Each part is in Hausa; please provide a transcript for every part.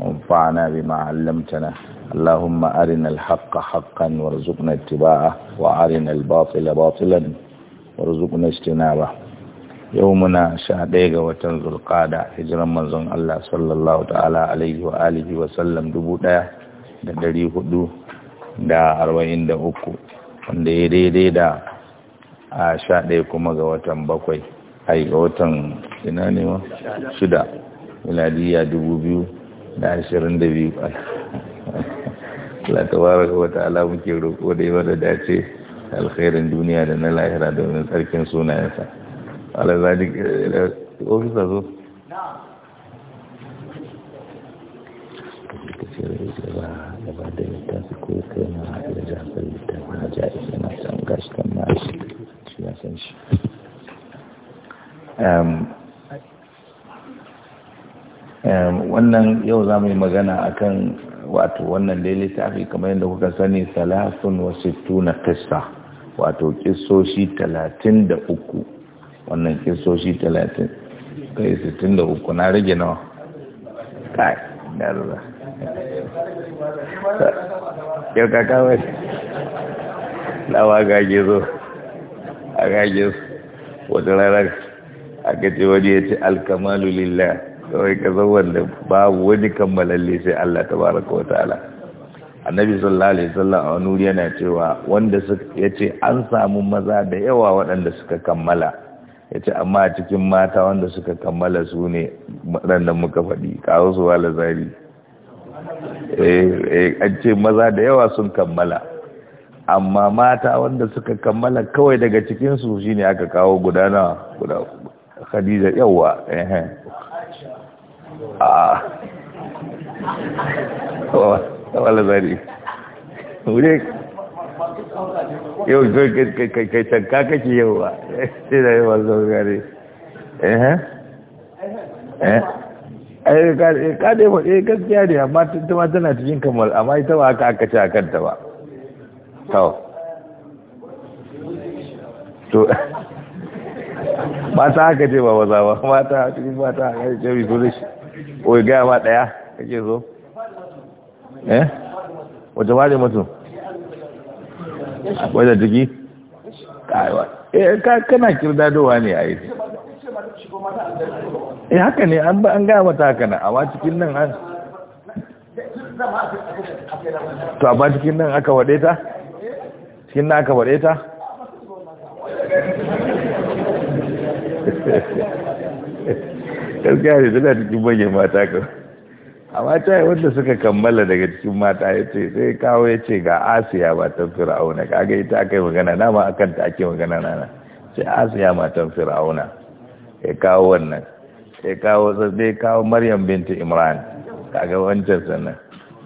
وانفعنا بما علمتنا اللهم أرنا الحق حقا وارزقنا اتباعه وأرنا الباطل باطلا وارزقنا اجتنابه يومنا شهديغ وتنزل القادة هجر منزل الله صلى الله تعالى عليه وآله وسلم دبوتا دادري خدو دا arba'in دا uku wanda ya daidai دا a sha ɗaya kuma ga watan bakwai ai ga watan ina ne ma shida da ashirin da biyu Allah tabaraka wa ta'ala muke roƙo da yawa da dace alkhairin duniya da na lahira domin tsarkin sunayensa Allah zadi eh, ofisa zo Um, wannan yau za mu yi magana a kan wato wannan dai littafi kamar yadda kuka sani salasun wasu tuna kista wato kisoshi talatin da uku wannan kisoshi talatin kai sittin da uku na rage nawa kai da yau ka kawai lawa gage zo a gage zo wata rarar aka ce waje ya ce alkamalu lillah kawai ka zo wanda babu wani kammalalle sai Allah bara kawai ta'ala annabi sallallahu alaihi sallallahu a wani yana cewa wanda ya yace an samu maza da yawa waɗanda suka kammala yace amma a cikin mata wanda suka kammala su ne waɗanda muka faɗi kawo su wala zari eh, eh, an ce maza da yawa sun kammala amma mata wanda suka kammala kawai daga cikinsu shine aka kawo gudana, khadija yawa eh, a wala zari wuri yau kai canka kake yau ba sai da yawa zaurare eh, eh eh eh ka eh, dai ba eh gaskiya ne amma ta ma tana cikin kamal amma ita ba haka aka ce a kanta ba to to mata haka ce ba maza ba mata cikin mata haka ce bi so da shi Oye gaya ma ɗaya kake so eh wata mutu? mutum da jiki eh, kana kirdadowa ne a yi eh haka ne an ba an gaya mata haka na amma cikin nan an to amma cikin nan aka waɗe ta cikin nan aka waɗe ta gaskiya ne suna cikin manyan mata kan amma ta wanda suka kammala daga cikin mata ya ce sai kawo ya ce ga asiya matan fir'auna kaga ita aka yi magana na ma akan ta ake magana nana sai asiya matan fir'auna ya kawo wannan ya kawo sai kawo maryam binti imran kaga wancan sannan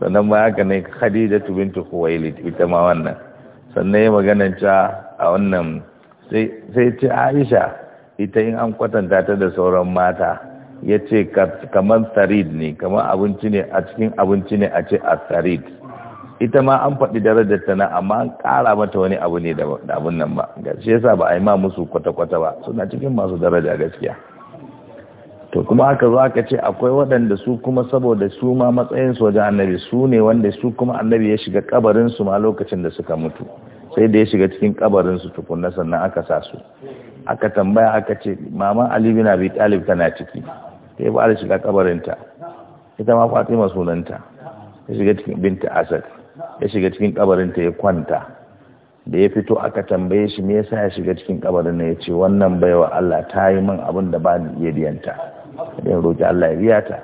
sannan ma haka ne khadijatu bintu khuwailid ita ma wannan sannan ya magana ta a wannan sai sai ce aisha ita in an kwatanta ta da sauran mata ya ce kamar sarid ne kamar abinci ne a cikin abinci ne a ce a sarid ita ma an faɗi darajar ta na amma an ƙara mata wani abu ne da abun nan ba ga shi yasa ba a yi ma musu kwata-kwata ba suna cikin masu daraja gaskiya to kuma haka zo aka ce akwai waɗanda su kuma saboda su ma matsayin soja annabi su ne wanda su kuma annabi ya shiga kabarin su ma lokacin da suka mutu sai da ya shiga cikin kabarin su tukunna sannan aka sa su aka tambaya aka ce mama ali bin abi talib tana ciki ta yi ba shiga kabarinta ita ma fatima sunanta ya shiga cikin binta asad ya shiga cikin kabarinta ya kwanta da ya fito aka tambaye shi me yasa ya shiga cikin kabarin ya ce wannan baiwa Allah ta yi min abin da ba ni iya biyanta idan roki Allah ya biya ta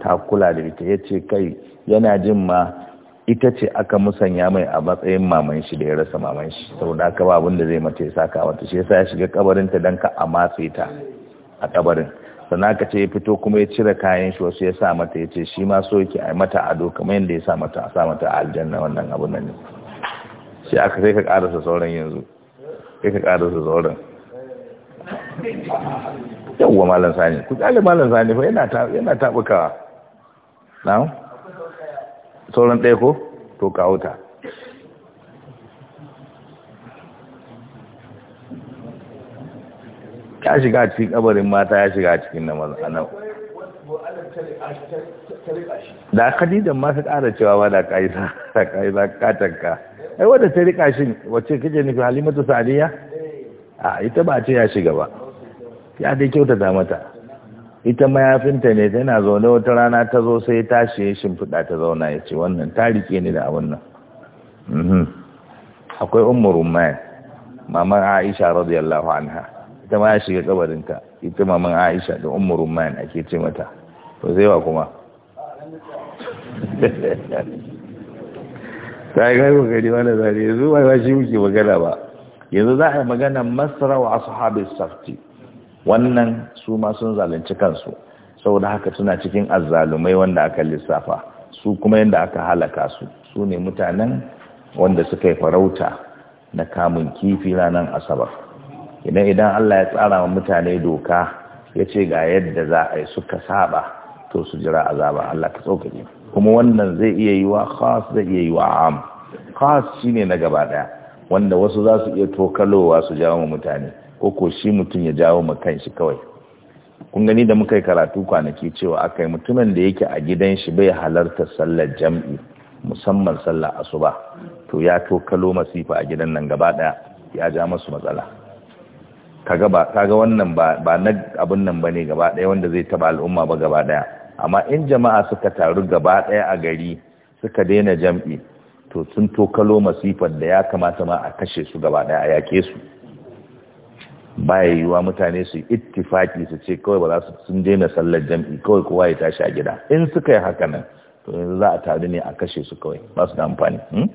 ta kula da ita ya ce kai yana jin ma ita ce aka musanya mai a matsayin maman shi da ya rasa maman shi saboda aka ba abin da zai mata ya saka mata shi yasa ya shiga kabarinta dan ka a matse ta a kabarin sannan ce ya fito kuma ya cire kayan shi wasu ya sa mata ya ce shi ma so yake a mata ado kamar yadda ya sa mata a sa mata a aljanna wannan abu nan ne sai aka sai ka karasa sauran yanzu sai ka karasa sauran yawwa malam sani ku tsale malam sani fa yana yana tabukawa na sauran ɗaya ko to kawo ta ya shiga cikin kabarin mata ya shiga cikin na maza nan da khadijan ma ta kara cewa ba da kai za kai katanka ai wanda ta rika shin wace kije nufi halimatu sadiya a ita ba ce ya shiga ba ya dai kyautata mata ita mayafinta ne tana zaune wata rana ta zo sai tashi ya shimfiɗa ta zauna ya ce wannan ta rike ni da abin nan mhm. akwai umar umar mamar aisha radiyallahu anha ita ma ya shiga kabarinta ita maman aisha da ummu rumman ake ce mata to zai wa kuma ta yi gari gari wani zari yanzu ba ba shi muke magana ba yanzu za a yi magana masara wa ashabi safti wannan su ma sun zalunci kansu saboda haka suna cikin azzalumai wanda aka lissafa su kuma yadda aka halaka su su ne mutanen wanda suka yi farauta na kamun kifi ranar asabar idan idan Allah ya tsara wa mutane doka ya ce ga yadda za a yi suka saba to su jira azaba Allah ka tsokane kuma wannan zai iya yi wa khas zai iya yi wa am khas ne na gaba daya wanda wasu za su iya tokalowa su jawo mutane ko ko shi mutum ya jawo ma kanshi kawai kun gani da muka yi karatu kwanaki cewa akai mutumin da yake a gidan shi bai halarta sallar jam'i musamman sallar asuba to ya tokalo masifa a gidan nan gaba daya ya ja masu matsala kaga ba kaga wannan ba ba na abun nan bane gaba daya wanda zai taba al'umma ba gaba daya amma in jama'a suka taru gaba daya a gari suka daina jam'i to sun tokalo masifar da ya kamata ma a kashe su gaba daya a yake su baya yiwuwa mutane su ittifaki su ce kawai ba za su sun daina sallar jam'i kawai kowa ya tashi a gida in suka yi haka nan to yanzu za a taru ne a kashe su kawai ba su da amfani hmm?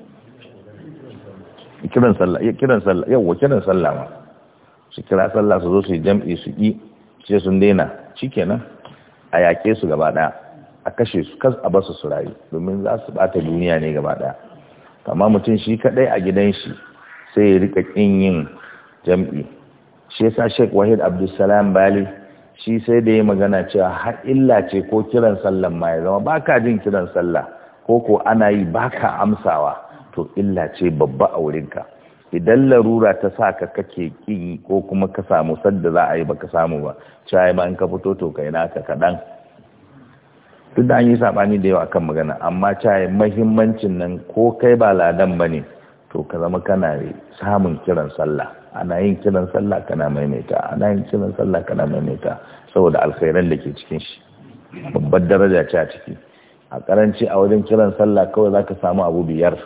kiran sallah yawwa kiran sallah ma su kira sallah su zo su yi jam'i su yi sai sun daina kenan a yaƙe su gaba ɗaya a kashe su kas a basu su rayu domin za su bata duniya ne gaba ɗaya amma mutum shi kaɗai a gidan shi sai ya rika ƙin yin jam'i shi yasa Sheikh Wahid Abdulsalam Bali shi sai da ya magana cewa har illa ce ko kiran sallan ma ya zama baka jin kiran sallah ko ko ana yi baka amsawa to illa ce babba a wurinka idan larura ta sa ka kake ki ko kuma ka samu sadda za a yi baka samu ba cewa ma in ka fito to kai naka kaɗan duk da an yi saɓani da yawa kan magana amma cewa mahimmancin nan ko kai ba ladan ba ne to ka zama kana samun kiran sallah ana yin kiran sallah kana maimaita ana yin kiran sallah kana maimaita saboda alkhairan da ke cikin shi babbar daraja ce a ciki a karanci a wajen kiran sallah kawai zaka samu abu biyar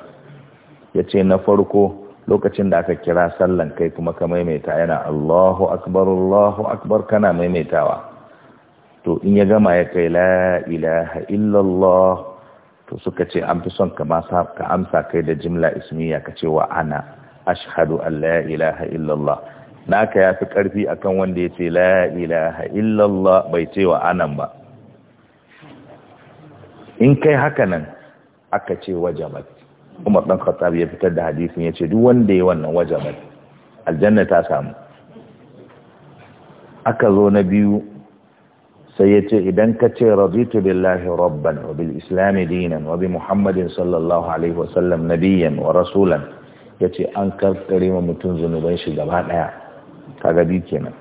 yace na farko lokacin da aka kira sallan kai kuma ka maimaita yana Allahu akbar Allahu akbar kana maimaitawa to in ya gama ya kai la ilaha illallah to suka ce an fi son ka ka amsa kai da jimla ismiya ka ce wa ana ashhadu an la ilaha illallah naka yafi karfi akan wanda ya ce la ilaha illallah bai ce wa anan ba in kai hakanan aka ce wajabat umar ɗan khattab ya fitar da hadisin yace duk wanda ya wannan wajaban aljanna ta samu aka zo na biyu sai ya ce idan ka ce raditu billahi rabban wa bil islami dinan wa bi muhammadin sallallahu alaihi wa sallam nabiyyan wa rasulan yace an karkare ma mutum zunuban shi gaba ɗaya kaga bi kenan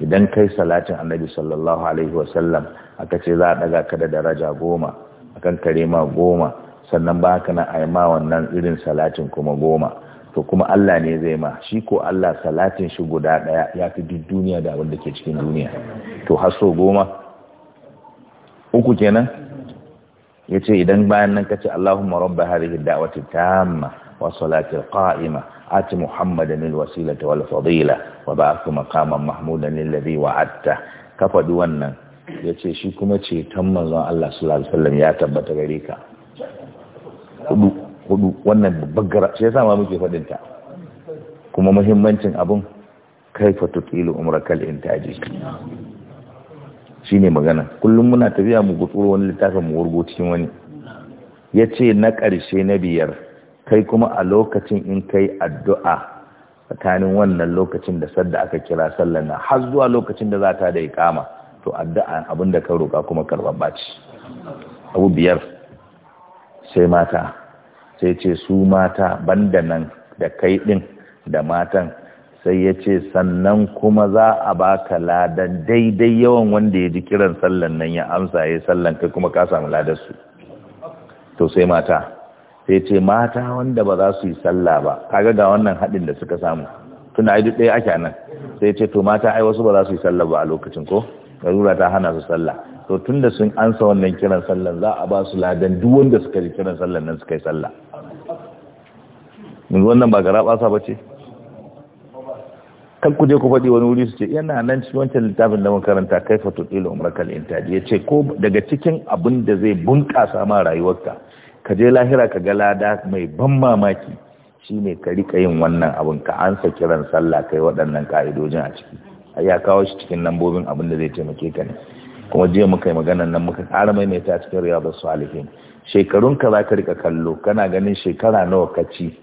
idan kai salatin annabi sallallahu alaihi wa sallam aka ce za a ɗaga ka da daraja goma akan kare ma goma sannan ba ka na a wannan irin salatin kuma goma to kuma Allah ne zai ma shi ko Allah salatin shi guda daya ya fi duk duniya da abin ke cikin duniya to har so goma uku kenan ya ce idan bayan nan ka ce Allahumma rabba hadhihi da'wati tamma wa salati qa'ima ati muhammadan lil wasilati wal fadila wa ba'athu maqaman mahmudan alladhi wa'adta ka faɗi wannan ya ce shi kuma ce, ceton manzon Allah sallallahu alaihi wasallam ya tabbata gare ka hudu hudu wannan baggara shi yasa ma muke faɗin ta kuma muhimmancin abun kaifa tutilu umrakal intaji shine magana kullum muna tafiya mu gutsuro wani littafin mu wurgo cikin wani yace na ƙarshe na biyar kai kuma a lokacin in kai addu'a tsakanin wannan lokacin da sadda aka kira sallar na har zuwa lokacin da za ta da ikama to addu'a abinda ka roka kuma karɓar baci abu biyar sai mata sai ce su mata banda nan da kai din da matan sai ya ce sannan kuma za a baka ladan daidai yawan wanda ya ji kiran sallan nan ya amsa ya sallan kai kuma ka samu ladarsu. su to sai mata sai ce mata wanda ba za su yi salla ba kaga ga wannan haɗin da suka samu tuna ai duk ɗaya ake nan sai ce to mata ai wasu ba za su yi salla ba a lokacin ko garura ta hana su salla. to da sun ansa wannan kiran sallan za a ba su ladan duk wanda suka yi kiran sallan nan suka yi sallah mun wannan ba garaba sa ba ce kan kuje ku faɗi wani wuri su ce yana nan cikin wancan littafin da makaranta kai fa tuɗila umrakal intaji ya ce ko daga cikin abin da zai bunkasa ma rayuwarka ka je lahira ka ga lada mai ban mamaki shi shine ka rika yin wannan abin ka ansa kiran sallah kai waɗannan ka'idojin a ciki ya kawo shi cikin lambobin abin da zai taimake ka ne kuma jiya muka yi maganan nan muka ƙara maimaita a cikin riyadu salihin shekarun ka za ka rika kallo kana ganin shekara nawa ka ci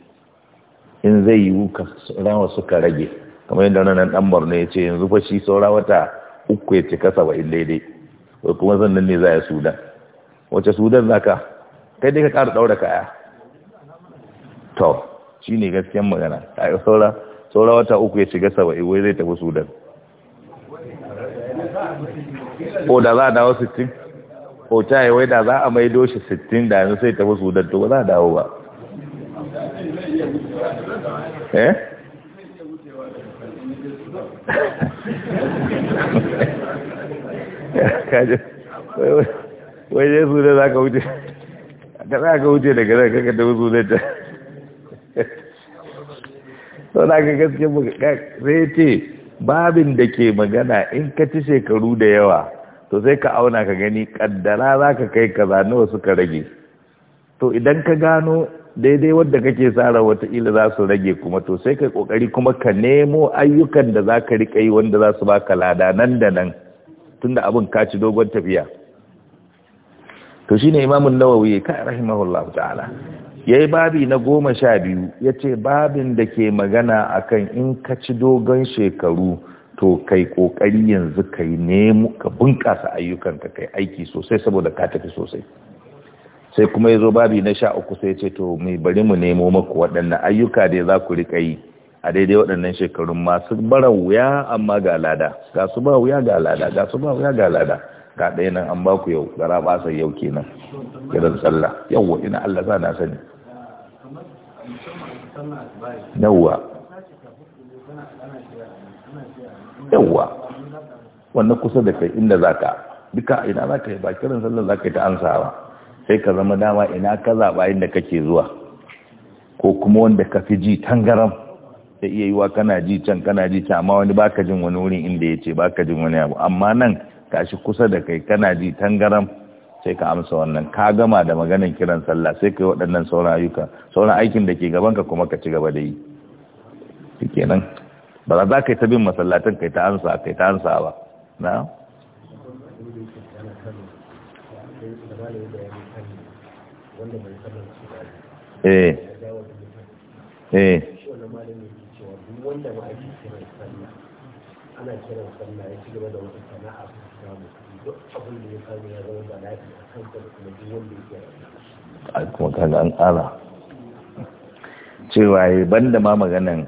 in zai yiwu ka rawa suka rage kamar yadda wannan dan Borno ya ce yanzu fa shi saura wata uku ya cika saba'in daidai ko kuma sannan ne za ya Sudan wace Sudan zaka kai dai ka ƙara daura kaya to shi ne gaskiyan magana ai saura saura wata uku ya shiga saba'in wai zai tafi Sudan ko da za a dawo sittin ko ta yi wai da za a maido shi sittin da yanzu sai tafi sudan to ba za a dawo ba eh wai ne sudan za ka wuce ka za ka wuce daga zai kaka tafi sudan ta sau da aka gaske sai ce babin da ke magana in ka ci shekaru da yawa to sai ka auna ka gani kaddara za ka kai kaza nawa suka rage to idan ka gano daidai wadda kake tsara wataƙila za su rage kuma to sai kai ƙoƙari kuma ka nemo ayyukan da za ka riƙa yi wanda za su baka lada nan da nan tunda abin ka dogon tafiya to shine imamun nawawi ka Allah ta'ala ya yi babi na goma sha biyu yace babin da ke magana akan in ka ci dogon shekaru to kai kokari yanzu kai nemo ka bunƙasa ayyukanka kai aiki sosai saboda ka tafi sosai sai kuma ya zo babi na sha uku sai ce to mai bari mu nemo maku waɗannan ayyuka da za ku riƙa yi a daidai waɗannan shekarun masu bara wuya amma ga lada ga su ba wuya ga lada ga su ba wuya ga lada ga ɗaya nan an ba ku yau gara ba sai yau kenan irin sallah yawwa ina Allah za na sani yawwa yawwa wannan kusa da kai inda za ka duka ina za ka yi ba kiran sallar za ka yi ta ansawa sai ka zama dama ina ka zaɓa inda kake zuwa ko kuma wanda ka fi ji tangaram ta iya yiwa kana ji can kana ji can amma wani baka jin wani wurin inda ya ce baka jin wani abu amma nan shi kusa da kai kana ji tangaram sai ka amsa wannan ka gama da maganin kiran sallah sai ka yi waɗannan sauran ayyuka sauran aikin da ke gaban ka kuma ka ci gaba da yi kenan ba za ka yi ta bin masallacin kai ta ansa kai ta ansa ba na eh kiran eh. ya ci ya ya zama ba a kan kuma duk an ƙara cewa ban da ma maganin.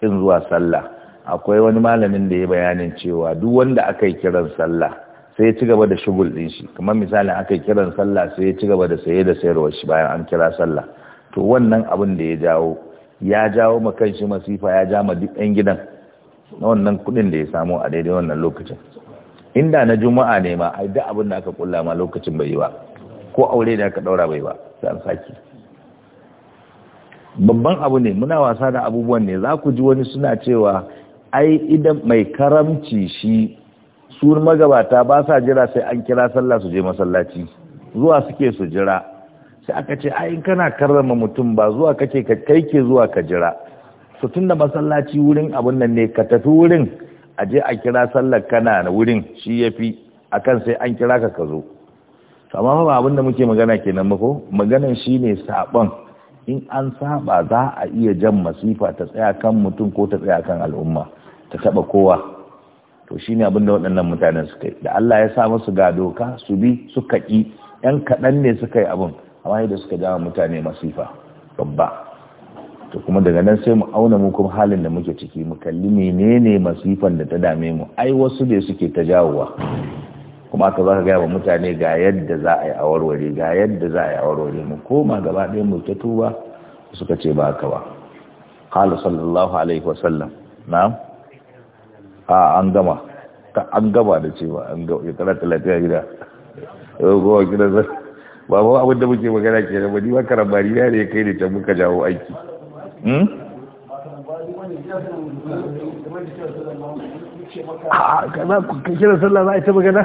kin zuwa sallah akwai wani malamin da ya bayanin cewa duk wanda aka yi kiran sallah sai ya ci gaba da shugul din shi kamar misalin aka yi kiran sallah sai ya ci gaba da saye da sayarwa shi bayan an kira sallah to wannan abin da ya jawo ya jawo ma kanshi masifa ya ja ma duk ɗan gidan na wannan kuɗin da ya samo a daidai wannan lokacin inda na juma'a ne ma ai duk abin da aka kulla ma lokacin bai yi ba ko aure da aka ɗaura bai ba sai an saki babban abu ne muna wasa da abubuwan ne za ku ji wani suna cewa ai idan mai karamci shi su magabata ba sa jira sai an kira sallah su je masallaci zuwa suke su jira sai aka ce ai in kana karrama mutum ba zuwa kake ka kai ke zuwa ka jira su tunda masallaci wurin abun nan ne ka tafi wurin a je a kira sallar kana wurin shi ya yafi akan sai an kira ka ka zo amma ba abin da muke magana kenan mako maganan shine saɓon in an saba za a iya jan masifa ta tsaya kan mutum ko ta tsaya kan al'umma ta taba kowa to shi ne abinda waɗannan mutanen suka yi da Allah ya sa musu ga doka su bi suka ƙi yan kaɗan ne suka yi abin amma yadda suka jawo mutane masifa babba to kuma daga nan sai mu auna mu kuma halin da muke ciki mu kalli menene masifan da ta dame mu ai wasu ne suke ta jawowa kuma aka za ka gaya wa mutane ga yadda za a yi a warware ga yadda za a yi a warware mu koma gaba ɗaya mu ta tuba suka ce ba ka ba qala sallallahu alaihi wasallam na'am a an gama ta an gama da cewa an ga ya tsara talaka gida yau gowa gida zai ba ba abin da muke magana ke ba ni ba karambari ya ne kai ne can muka jawo aiki hmm? a kana kiran sallah za a yi ta magana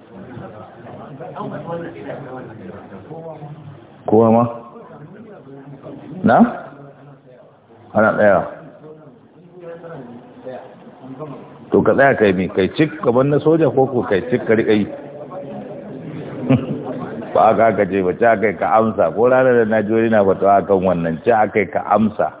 kowa ma na? ana ɗaya to ka tsaya kai mi kai cik gaban na soja ko ko kai cik ka riƙa yi ba aka aka ce ba ci aka ka amsa ko ranar da najeriya na fata kan wannan ci aka ka amsa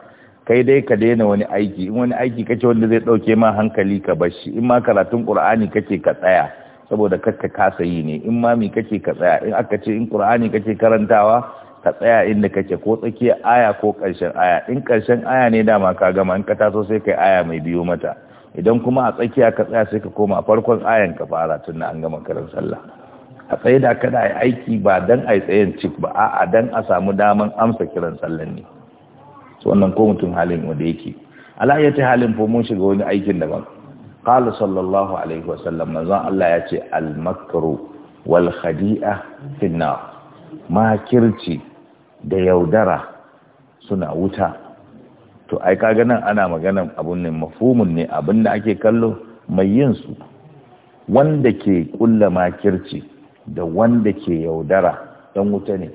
kai dai ka daina wani aiki in wani aiki kace wanda zai dauke ma hankali ka bashi in ma karatun qur'ani kake ka tsaya saboda ka kasa yi ne in mami kake ka tsaya in aka ce in qur'ani kake karantawa ka tsaya inda kake ko tsakiya aya ko karshen aya in karshen aya ne dama ka gama in ka taso sai kai aya mai biyo mata idan kuma a tsakiya ka tsaya sai ka koma farkon ayan ka fara tunna an gama karin sallah a tsaye da kada a aiki ba dan a tsayen cik ba a'a dan a samu daman amsa kiran sallan ne wannan ko mutum halin wanda yake ala ya halin fa mun shiga wani aikin daban qala sallallahu alaihi wasallam manzon Allah ya ce al makru wal khadi'a fin makirci da yaudara suna wuta to ai kaga nan ana maganan abun ne mafhumun ne abinda ake kallo mai yin su wanda ke kulla makirci da wanda ke yaudara dan wuta ne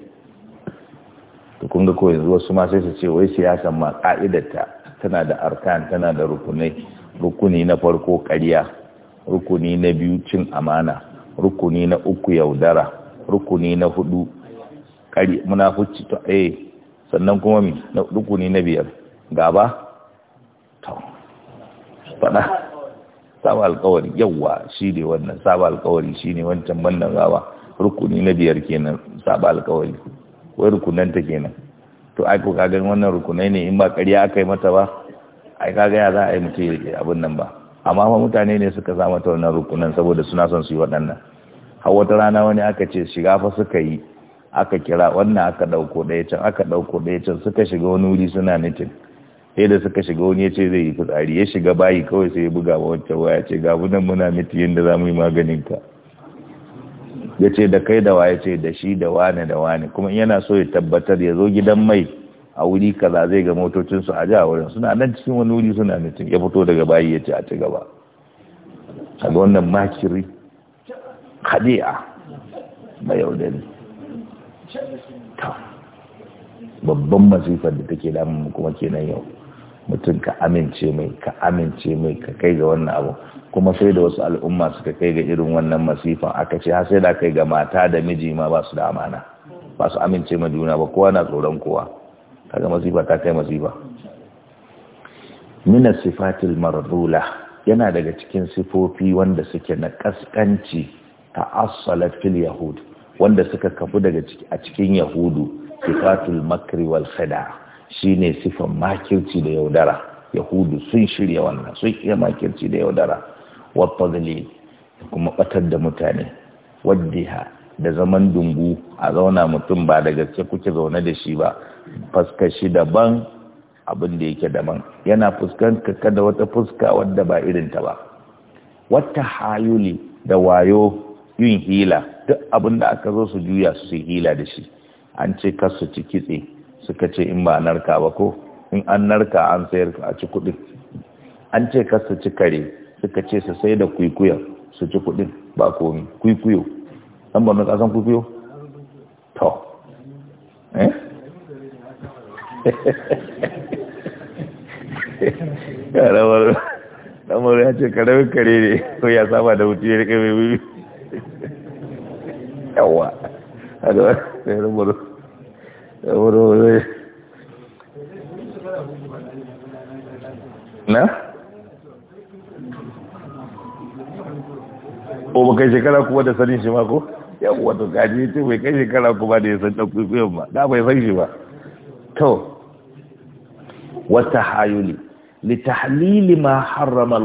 to kun ga ko yanzu wasu ma sai su ce wai siyasan ma ka'idarta tana da arkan tana da rukunai rukuni na farko ƙarya rukuni na biyu cin amana rukuni na uku yaudara rukuni na hudu muna munafuci to eh sannan kuma mi na rukuni na biyar gaba to fada saba alkawari yawa shi ne wannan saba alkawari shi ne wancan bannan gaba rukuni na biyar kenan saba alkawari wai rukunanta kenan to ai ko kagan wannan rukunai ne in ba ƙarya aka yi mata ba ai kaga ya za a yi mutum yake abin nan ba amma ma mutane ne suka sa mata wannan rukunan saboda suna son su yi waɗannan har wata rana wani aka ce shiga fa suka yi aka kira wannan aka ɗauko ɗaya can aka ɗauko ɗaya can suka shiga wani wuri suna nitin sai da suka shiga wani ya ce zai yi fitsari ya shiga bayi kawai sai ya buga wa wacce waya ce ga nan muna miti yadda za mu yi maganin ka ya ce da kai da waya ce da shi da wane da wane kuma yana so ya tabbatar ya zo gidan mai a wuri kaza zai ga motocinsu a ja wurin suna nan cikin wani wuri suna mitin ya fito daga bayi ya ce a ci gaba a ga wannan makiri hadi'a mai yaudari babban masifar da take damun kuma kenan yau mutum ka amince mai ka amince mai ka kai ga wannan abu kuma sai da wasu al'umma suka kai ga irin wannan masifan aka ce har sai da kai ga mata da miji ma ba su da amana ba su amince ma juna ba kowa na tsoron kowa kaga masifa ta kai masifa min sifatil mardula yana daga cikin sifofi wanda suke na kaskanci a fil yahud wanda suka kafu daga a cikin yahudu sifatul makri wal khada shine sifan makirci da yaudara yahudu sun shirya wannan sun iya makirci da yaudara wa tadlil kuma batar da mutane waddiha da zaman dungu a zauna mutum ba da gaske kuke zaune da shi ba fuskar shi daban abin da yake daban yana fuskanka kada wata fuska wadda ba irin ta ba wata hayuli da wayo yin hila duk abin da aka zo su juya su yi hila da shi an ce kasu ci kitse suka ce in ba narka ba ko in an narka an sayar a ci kuɗin an ce kasu ci kare suka ce su sai da kwikwiyo su ci kuɗin ba komi kuikuyo. ɗan borno ƙasan kufiyo to eh yarawar ɗanwar ya ce karamin kare ne ko ya saba da mutu ya rike mai bibi yawa a na? o baka shekara kuma da sanin shi mako? yau wato kaji ce bai kai shekara kuma da ya san ɗan kwaikwayon ba da bai san shi ba to wata hayuli halili ma harrama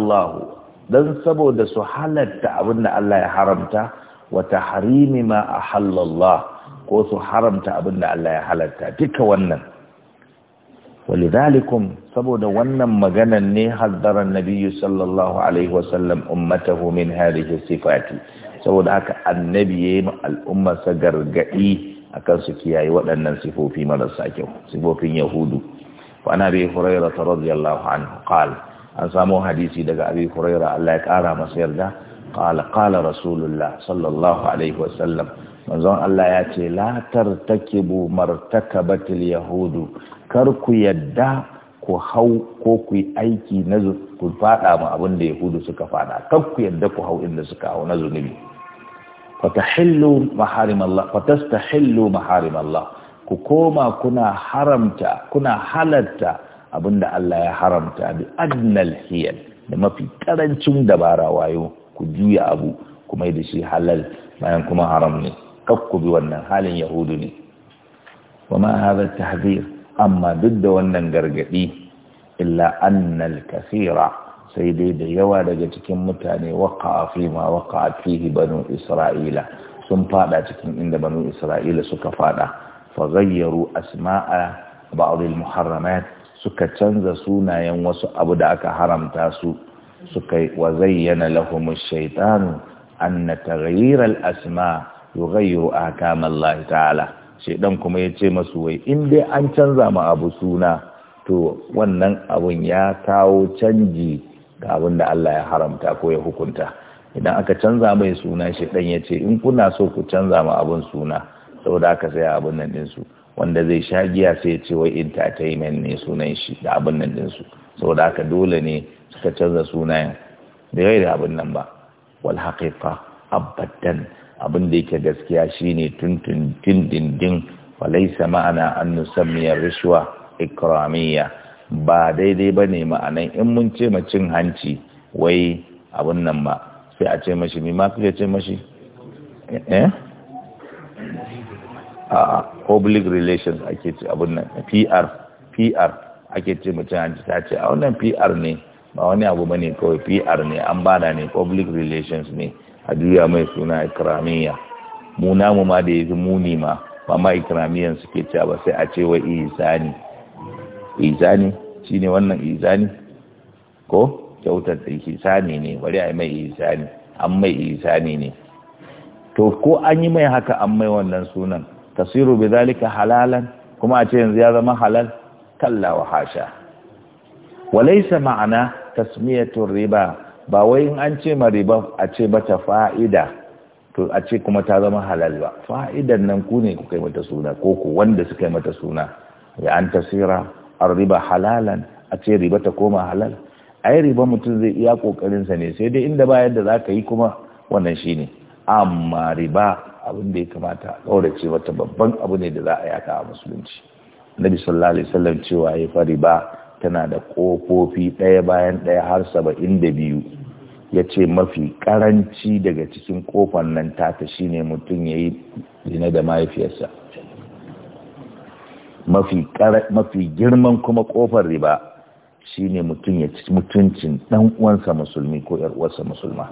don saboda su halatta abinda Allah ya haramta wa tahrimi ma a Allah ko su haramta abinda Allah ya halatta duka wannan Wali walidhalikum saboda wannan maganan ne haddara nabiyyu sallallahu alaihi wasallam ummatahu min hadhihi sifati saboda haka annabi ya yi al'ummarsa gargaɗi kan su kiyaye waɗannan sifofi marasa kyau sifofin yahudu wa ana bi ta radiyallahu an samu hadisi daga abi huraira Allah ya ƙara masa yarda qala qala rasulullah sallallahu alaihi wasallam manzon Allah ya ce la tartakibu martakabatil yahudu kar ku yadda ku hau ko ku yi aiki na ku fada ma abin da yahudu suka fada kar ku yadda ku hau inda suka hau na zunubi fatahillu fatastahillu maharim Allah ku koma kuna haramta kuna halatta abinda Allah ya haramta bi adnal hiyal da mafi karancin dabara wayo ku juya abu kuma da shi halal bayan kuma haram ne kakku bi wannan halin yahudu ne wama hadha amma duk da wannan gargadi illa annal kathira sai dai da yawa daga cikin mutane waka fi ma waka fihi banu isra'ila sun fada cikin inda banu isra'ila suka fada fa zayyaru asma'a ba'd muharramat suka canza sunayen wasu abu da aka haramta su suka wa zayyana lahum ash-shaytanu anna taghyir al-asma' yughayyiru ahkam Allah ta'ala Shaiɗan kuma yace masu wai in dai an canza ma abu suna to wannan abun ya kawo canji ga abin da Allah ya haramta ko ya hukunta idan aka canza mai suna shi dan ya ce in kuna so ku canza ma abin suna saboda aka sai abin nan din wanda zai sha giya sai ya ce wai entertainment ne sunan shi da abin nan din su saboda aka dole ne suka canza sunayen da yau da abin nan ba wal haqiqa abadan abin da yake gaskiya shine tuntun din din din walaysa ma'ana an nusammiya rishwa ikramiyya ba daidai ba ne ma'anan in mun ce ma cin hanci wai abun nan ba sai a ce mashi ni ma kuke ce mashi eh a public relations ake ce abun nan PR PR ake ce ma cin hanci ta ce a wannan PR ne ba wani abu ba ne kawai PR ne an bada ne public relations ne a juya mai suna muna mu namu ma da fi muni ma ba ma ikramiyan suke cewa ba sai a ce wa ihsani izani Shi ne wannan izani ko kyautar da ihsani ne bari a yi mai isani an mai ne to ko an yi mai haka an mai wannan sunan tasiru bi zalika halalan kuma a ce yanzu ya zama halal kalla wa hasha walaysa ma'ana tasmiyatu riba ba wai in an ce ma riba a ce bata fa'ida to a ce kuma ta zama halal ba fa'idan nan ku ne ku kai mata suna ko ku wanda suka yi mata suna ya an tasira arriba halalan a ce riba ta koma halal ai riba mutum zai iya kokarinsa ne sai dai inda ba yadda za ka yi kuma wannan shi ne amma riba abin da ya kamata ƙaurace wata babban abu ne da za a yaka a musulunci nabi sallallahu alaihi wasallam cewa ya fa riba tana da kofofi ɗaya bayan ɗaya har saba'in da biyu ya ce mafi ƙaranci daga cikin kofan nan tata shine mutum ya yi zina da mahaifiyarsa mafi mafi girman kuma kofar riba shine mutum ya ci mutuncin dan uwansa musulmi ko yar uwarsa musulma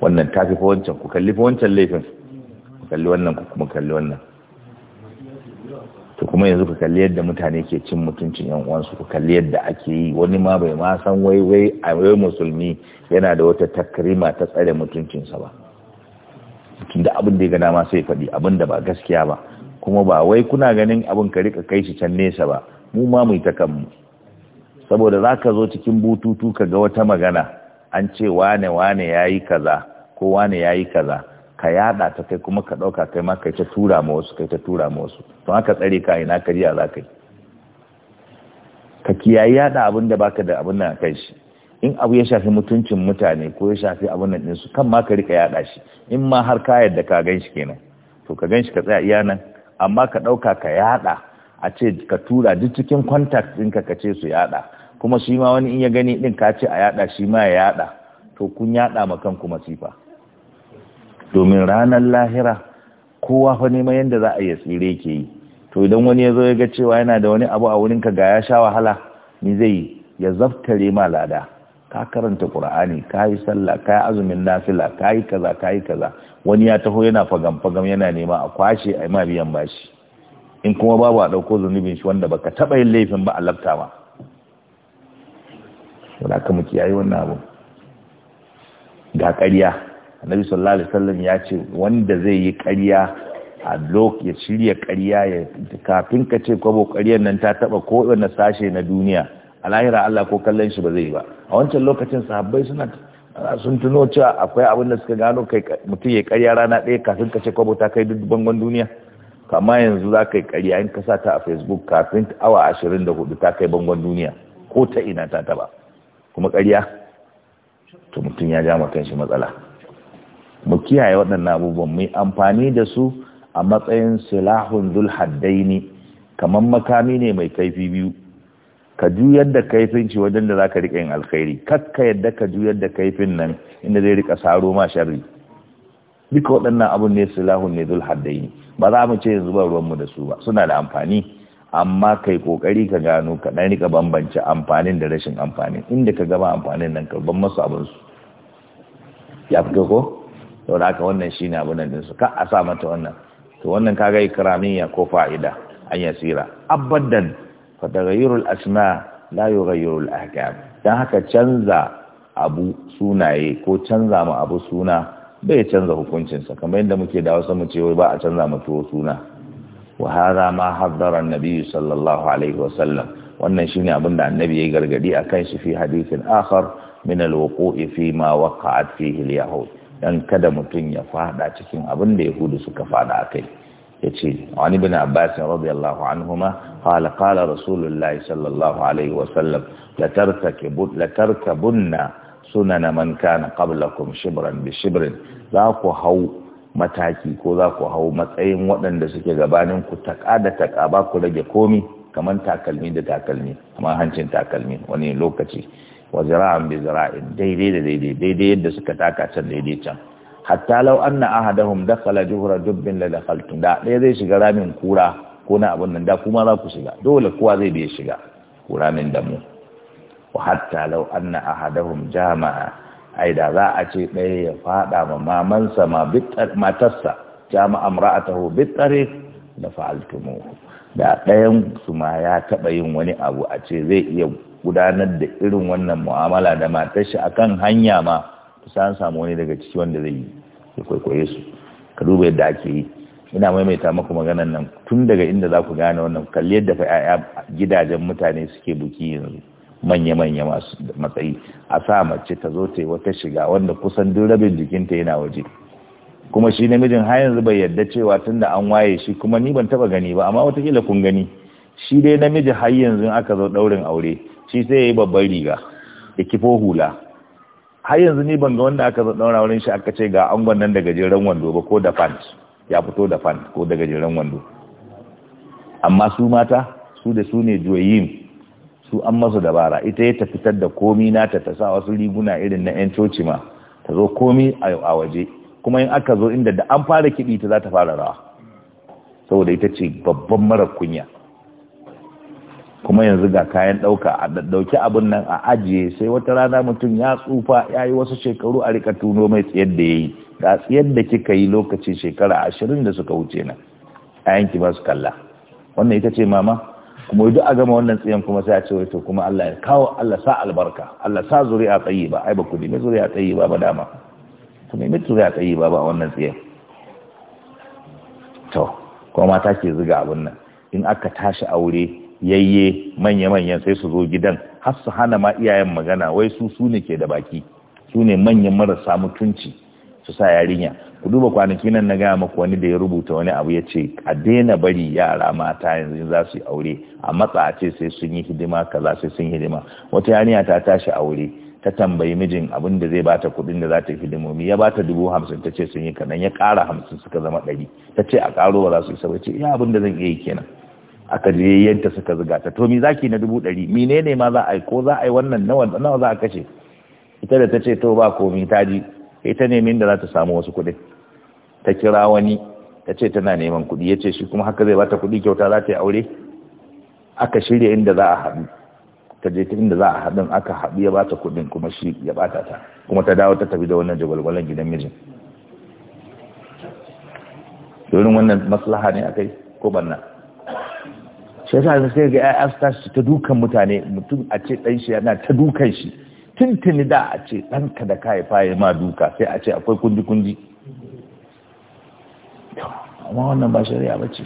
wannan tafi fa wancan ku kalli fa wancan laifin ku kalli wannan ku kuma kalli wannan to kuma yanzu ku kalli yadda mutane ke cin mutuncin yan uwansu ku kalli yadda ake yi wani ma bai ma san wai wai a wai musulmi yana da wata takrima ta tsare mutuncinsa ba tunda abin da ya gana ma sai faɗi abin da ba gaskiya ba kuma ba wai kuna ganin abin ka rika kai shi can nesa ba mu ma mu ta kanmu saboda za ka zo cikin bututu ka ga wata magana an ce wane wane ya yi kaza ko wane ya kaza ka yada ta kai kuma ka dauka kai ma kai ta tura ma wasu kai ta tura ma wasu to haka tsare ka ina kariya za ka yi ka kiyaye yada abin da baka da abin nan kai shi in abu ya shafi mutuncin mutane ko ya shafi abin nan ɗinsu kan ma ka rika yada shi in ma har ka yadda ka ganshi kenan to ka gan ka tsaya iya nan amma ka ɗauka ka yaɗa a ce ka tura duk cikin contact ɗinka ka ce su yaɗa kuma shi ma wani in ya gani ɗin ka ce a yaɗa shi ma ya yaɗa to kun yaɗa ma kanku masifa domin ranar lahira kowa fa neman yadda za a yi tsire ke yi to idan wani ya zo ya ga cewa yana da wani abu a wurinka ga ya sha wahala ni zai yi ya zaftare ma lada ka karanta qur'ani ka yi sallah ka yi azumin nafila ka yi kaza ka yi kaza wani ya taho yana fagam fagam yana nema a kwashe a ma biyan bashi in kuma babu a ɗauko zunubin shi wanda baka taɓa yin laifin ba a lafta ma wala ka yayi wannan abu ga ƙarya annabi sallallahu alaihi wasallam ya ce wanda zai yi ƙarya a lok ya shirya ƙarya ya kafin ka ce kwabo ƙaryar nan ta taɓa wani sashe na duniya a lahira Allah ko kallon shi ba zai yi ba a wancan lokacin sahabbai suna sun tuno cewa akwai abin da suka gano kai mutum ya karya rana ɗaya kafin ka ce kwabo ta kai duk bangon duniya kama yanzu za ka yi karya in ka sa ta a facebook kafin awa ashirin da hudu ta kai bangon duniya ko ta ina ta taba kuma karya to mutum ya ja kan shi matsala mu kiyaye waɗannan abubuwan mu amfani da su a matsayin silahun zul haddaini kamar makami ne mai kaifi biyu ka juyar da kaifin shi wajen da zaka rika yin alkhairi kakka yadda ka juyar da kaifin nan inda zai rika saro ma sharri duka waɗannan abun ne silahun ne zul haddaini ba za mu ce yanzu ba ruwanmu da su ba suna da amfani amma kai kokari ka gano ka dan rika bambance amfanin da rashin amfani. inda ka gaba amfanin nan karban masu abin su ya fi ko Yau da haka wannan shine abin nan su ka a sa mata wannan to wannan kaga ikramiya ko fa'ida an yasira abadan fa taghayyurul asma la yughayyirul ahkam dan haka canza abu sunaye ko canza ma abu suna bai canza hukuncinsa kamar yadda muke da wasu mu ce wai ba a canza mu tuwo suna wa hadha ma haddara annabi sallallahu alaihi wa sallam wannan shine abin da annabi ya gargadi akan shi fi hadithin akhar min alwuqu'i fi ma waqa'at fihi alyahud dan kada mutun ya fada cikin abin da yahudu suka fada akai yace an bin abbas radiyallahu anhuma qala qala rasulullahi sallallahu alaihi wa sallam tartakibun la tarkabunna sunana man kana qablakum shibran bi shibrin za ku hau mataki ko za ku hau matsayin waɗanda suke gabanin ku taka da taka ba ku rage komi kamar takalmi da takalmi kamar hancin takalmi wani lokaci wa zira'an bi zira'in daidai da daidai daidai yadda suka taka can daidai can hatta law anna ahadahum dakhala juhra dubbin la dakhaltum da ɗaya zai shiga ramin kura ko na abun nan da kuma za ku shiga dole kowa zai biya shiga ramin damu wa hatta law anna ahadahum jama'a ai da za a ce ɗaya ya faɗa ma mamansa ma matarsa jama'a imra'atahu bitariq la fa'altumuhu da ɗayan su ma ya taɓa yin wani abu a ce zai iya gudanar da irin wannan mu'amala da matar shi akan hanya ma sai an samu wani daga ciki wanda zai yi ya kwaikwaye su ka duba yadda ake yi ina maimaita maku maganan nan tun daga inda za ku gane wannan kalli yadda fa gidajen mutane suke buki yanzu manya-manya masu matsayi a sa mace ta zo ta yi wata shiga wanda kusan duk rabin jikinta yana waje kuma shi namijin har yanzu bai yarda cewa tun da an waye shi kuma ni ban taba gani ba amma wata kila kun gani shi dai namiji har yanzu aka zo daurin aure shi sai ya yi babban riga ya kifo hula har yanzu ni ban ga wanda aka daura wurin shi aka ce ga angon nan da gajeren wando ba ko da fant ya fito da fant ko da gajeren wando amma su mata su da su ne joyin su an masu dabara ita ya tafitar da komi nata ta sa wasu riguna irin na 'yan coci ma ta zo komi a waje kuma in aka zo inda da an fara kiɗi ta za ta fara rawa saboda ita ce babban mara kunya kuma yanzu ga kayan ɗauka a ɗauki abin nan a ajiye sai wata rana mutum ya tsufa ya yi wasu shekaru a rika tuno mai tsayar da ya yi ga tsayar da kika yi lokacin shekara ashirin da suka wuce nan ayanki ba su kalla wannan ita ce mama kuma duk a gama wannan tsayen kuma sai a ce to kuma Allah ya kawo Allah sa albarka Allah sa zuri'a tsayi ba ai ba ku nemi zuri'a ba ba zuri'a ba wannan tsayen to kuma mata ke zuga abin nan in aka tashi aure yayye manya-manyan sai su zo gidan har su hana ma iyayen magana wai su su ne ke da baki su ne manyan marasa mutunci su sa yarinya ku duba kwanaki nan na gaya maku wani da ya rubuta wani abu ya ce a daina bari yara mata yanzu za su yi aure a matsa a ce sai sun yi hidima kaza sai sun yi hidima wata yarinya ta tashi aure ta tambayi mijin abin da zai bata kuɗin da za ta yi hidimomi ya bata dubu hamsin ta ce sun yi kanan ya ƙara hamsin suka zama ɗari ta ce a ƙaro ba za su yi sabai ce ya abin da zan iya yi kenan aka je yanta suka zuga ta to mi zaki na dubu ɗari menene ma za a yi ko za a yi wannan nawa za a kashe ita da ta ce to ba komi ta ji ita ne min da za ta samu wasu kuɗi ta kira wani ta ce tana neman kuɗi ya ce shi kuma haka zai bata kuɗi kyauta za ta yi aure aka shirya inda za a haɗu ta je ta inda za a haɗin aka haɗu ya bata kuɗin kuma shi ya bata ta kuma ta dawo ta tafi da wannan jagwalgwalan gidan mijin domin wannan maslaha ne akai ko banna shi yasa sai ga ya aska shi ta dukan mutane mutum a ce dan shi yana ta dukan shi tuntuni da a ce dan ka da kayi faye ma duka sai a ce akwai kundi-kundi amma wannan ba shari'a ba ce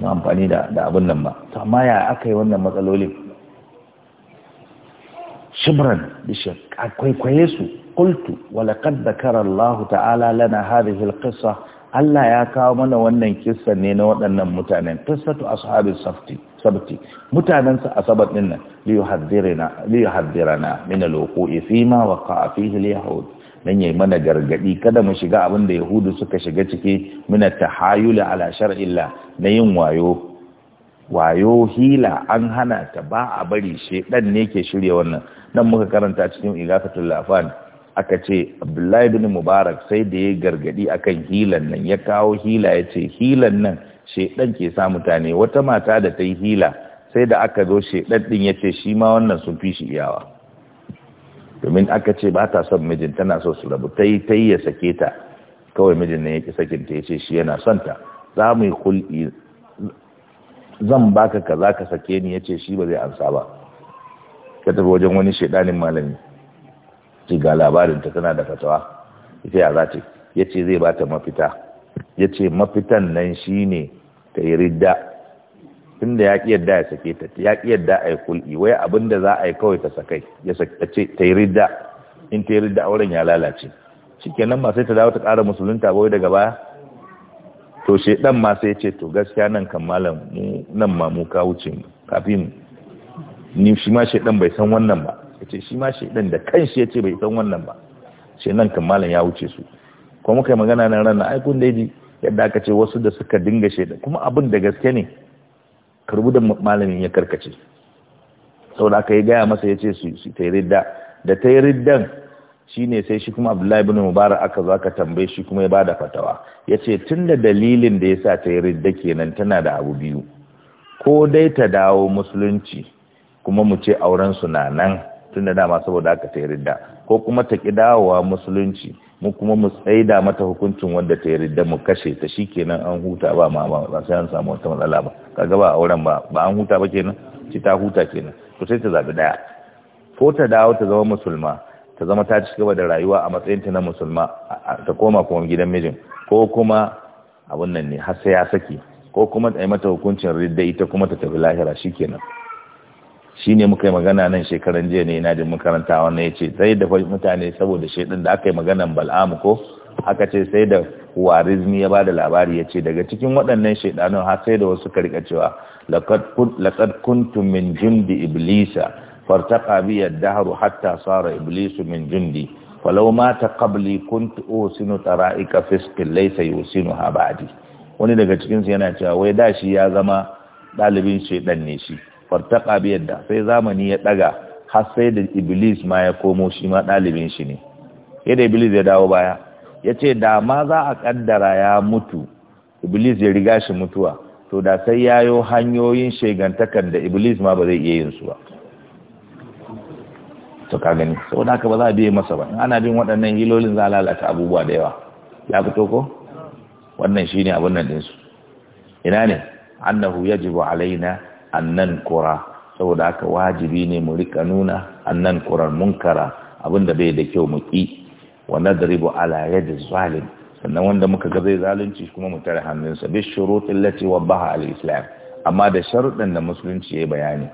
na amfani da abun nan ba to amma ya aka yi wannan matsalolin shibran akwai kwaye su kultu wa laqad karar Allahu ta'ala lana hadhihi al-qissa Allah ya kawo mana wannan kissan ne na waɗannan mutanen qissatu ashabis safti sabti mutanen sa asabat din nan li yuhaddirana min alwuqi fi ma waqa'a fihi alyahud dan yayi mana gargadi kada mu shiga abin da yahudu suka shiga ciki min at-tahayul ala shar'illah na yin wayo wayo hila an hana ta ba a bari shedan ne ke shirya wannan nan muka karanta cikin igafatul aka ce abdullahi bin mubarak sai da ya gargadi akan hilan nan ya kawo hila ya ce hilan nan shaidan ke sa mutane wata mata da ta yi hila sai da aka zo shaidan din ya ce shi ma wannan sun fi shi iyawa domin aka ce ba ta son mijin tana so su rabu ta yi ta yi ya sake ta kawai mijin nan ya sakin ta ya ce shi yana son ta za mu yi kul'i zan baka kaza ka sake ni ya ce shi ba zai ansa ba ka tafi wajen wani shaidanin malami ce ga labarinta tana da fatawa ita ya za ya ce zai bata ta mafita ya ce mafitan nan shi ne ta yi ridda tunda ya ƙi yadda ya sake ta ya ƙi yadda a yi kulɗi wai abin da za a yi kawai ta sakai ya ce ta yi ridda in ta yi ridda auren ya lalace shi kenan masu sai ta dawo ta ƙara musulunta ba wai daga baya to shi ɗan ma ce to gaskiya nan kan malam nan ma mu ka wuce kafin ni shi ma shi ɗan bai san wannan ba yace shi ma shedan da kanshi yace bai san wannan ba nan kan malam ya wuce su ko muka yi magana nan ranar ai kun daji yadda aka ce wasu da suka dinga shedan kuma abin da gaske ne karbu da malamin ya karkace saboda aka yi gaya masa yace su su tayi ridda da tayi riddan shine sai shi kuma Abdullahi ibn Mubarak aka zo aka tambaye shi kuma ya bada fatawa yace tunda dalilin da yasa tayi ridda kenan tana da abu biyu ko dai ta dawo musulunci kuma mu ce auren su na nan da dama saboda aka ta ridda ko kuma ta ki dawowa musulunci mu kuma mu tsaida mata hukuncin wanda ta ridda mu kashe ta shikenan an huta ba ma ba sai an samu wata matsala ba kaga ba auren ba ba an huta ba kenan ci ta huta kenan to sai ta zabi daya ko ta dawo ta zama musulma ta zama ta ci gaba da rayuwa a matsayin ta na musulma ta koma kuma gidan mijin ko kuma abun nan ne har sai ya saki ko kuma ta yi mata hukuncin ridda ita kuma ta tafi lahira shikenan shi ne muka yi magana nan shekaran jiya ne yana jin makaranta wannan ya ce sai da mutane saboda shaidan da aka yi maganan bal'amu ko aka ce sai da warizmi ya ba da labari ya ce daga cikin waɗannan shaidanun har sai da wasu karika cewa laƙad kuntum min jundi iblisa farta bi hatta sara iblisu min jundi falau mata qabli kuntu usinu tara'ika laysa ba'di wani daga cikin yana cewa wai da shi ya zama ɗalibin shaidan ne shi fartaka bi yadda sai zamani ya daga har sai da iblis ma ya komo shi ma ɗalibin shi ne yadda iblis ya dawo baya ya ce da ma za a kaddara ya mutu iblis ya riga shi mutuwa to da sai yayo hanyoyin shegantakan da iblis ma ba zai iya yin su ba to ka gani da haka ba za a biye masa ba ana bin waɗannan hilolin za a lalata abubuwa da yawa ya fito ko wannan shine abin nan ɗinsu ina ne annahu yajibu alaina annan kura saboda haka wajibi ne mu rika nuna annan kuran munkara abinda bai da kyau mu ki wa nadribu ala yadi zalim sannan wanda muka ga zai zalunci kuma mu tare hannunsa bi shurutin lati wabaha al-islam amma da sharuɗin da musulunci ya bayani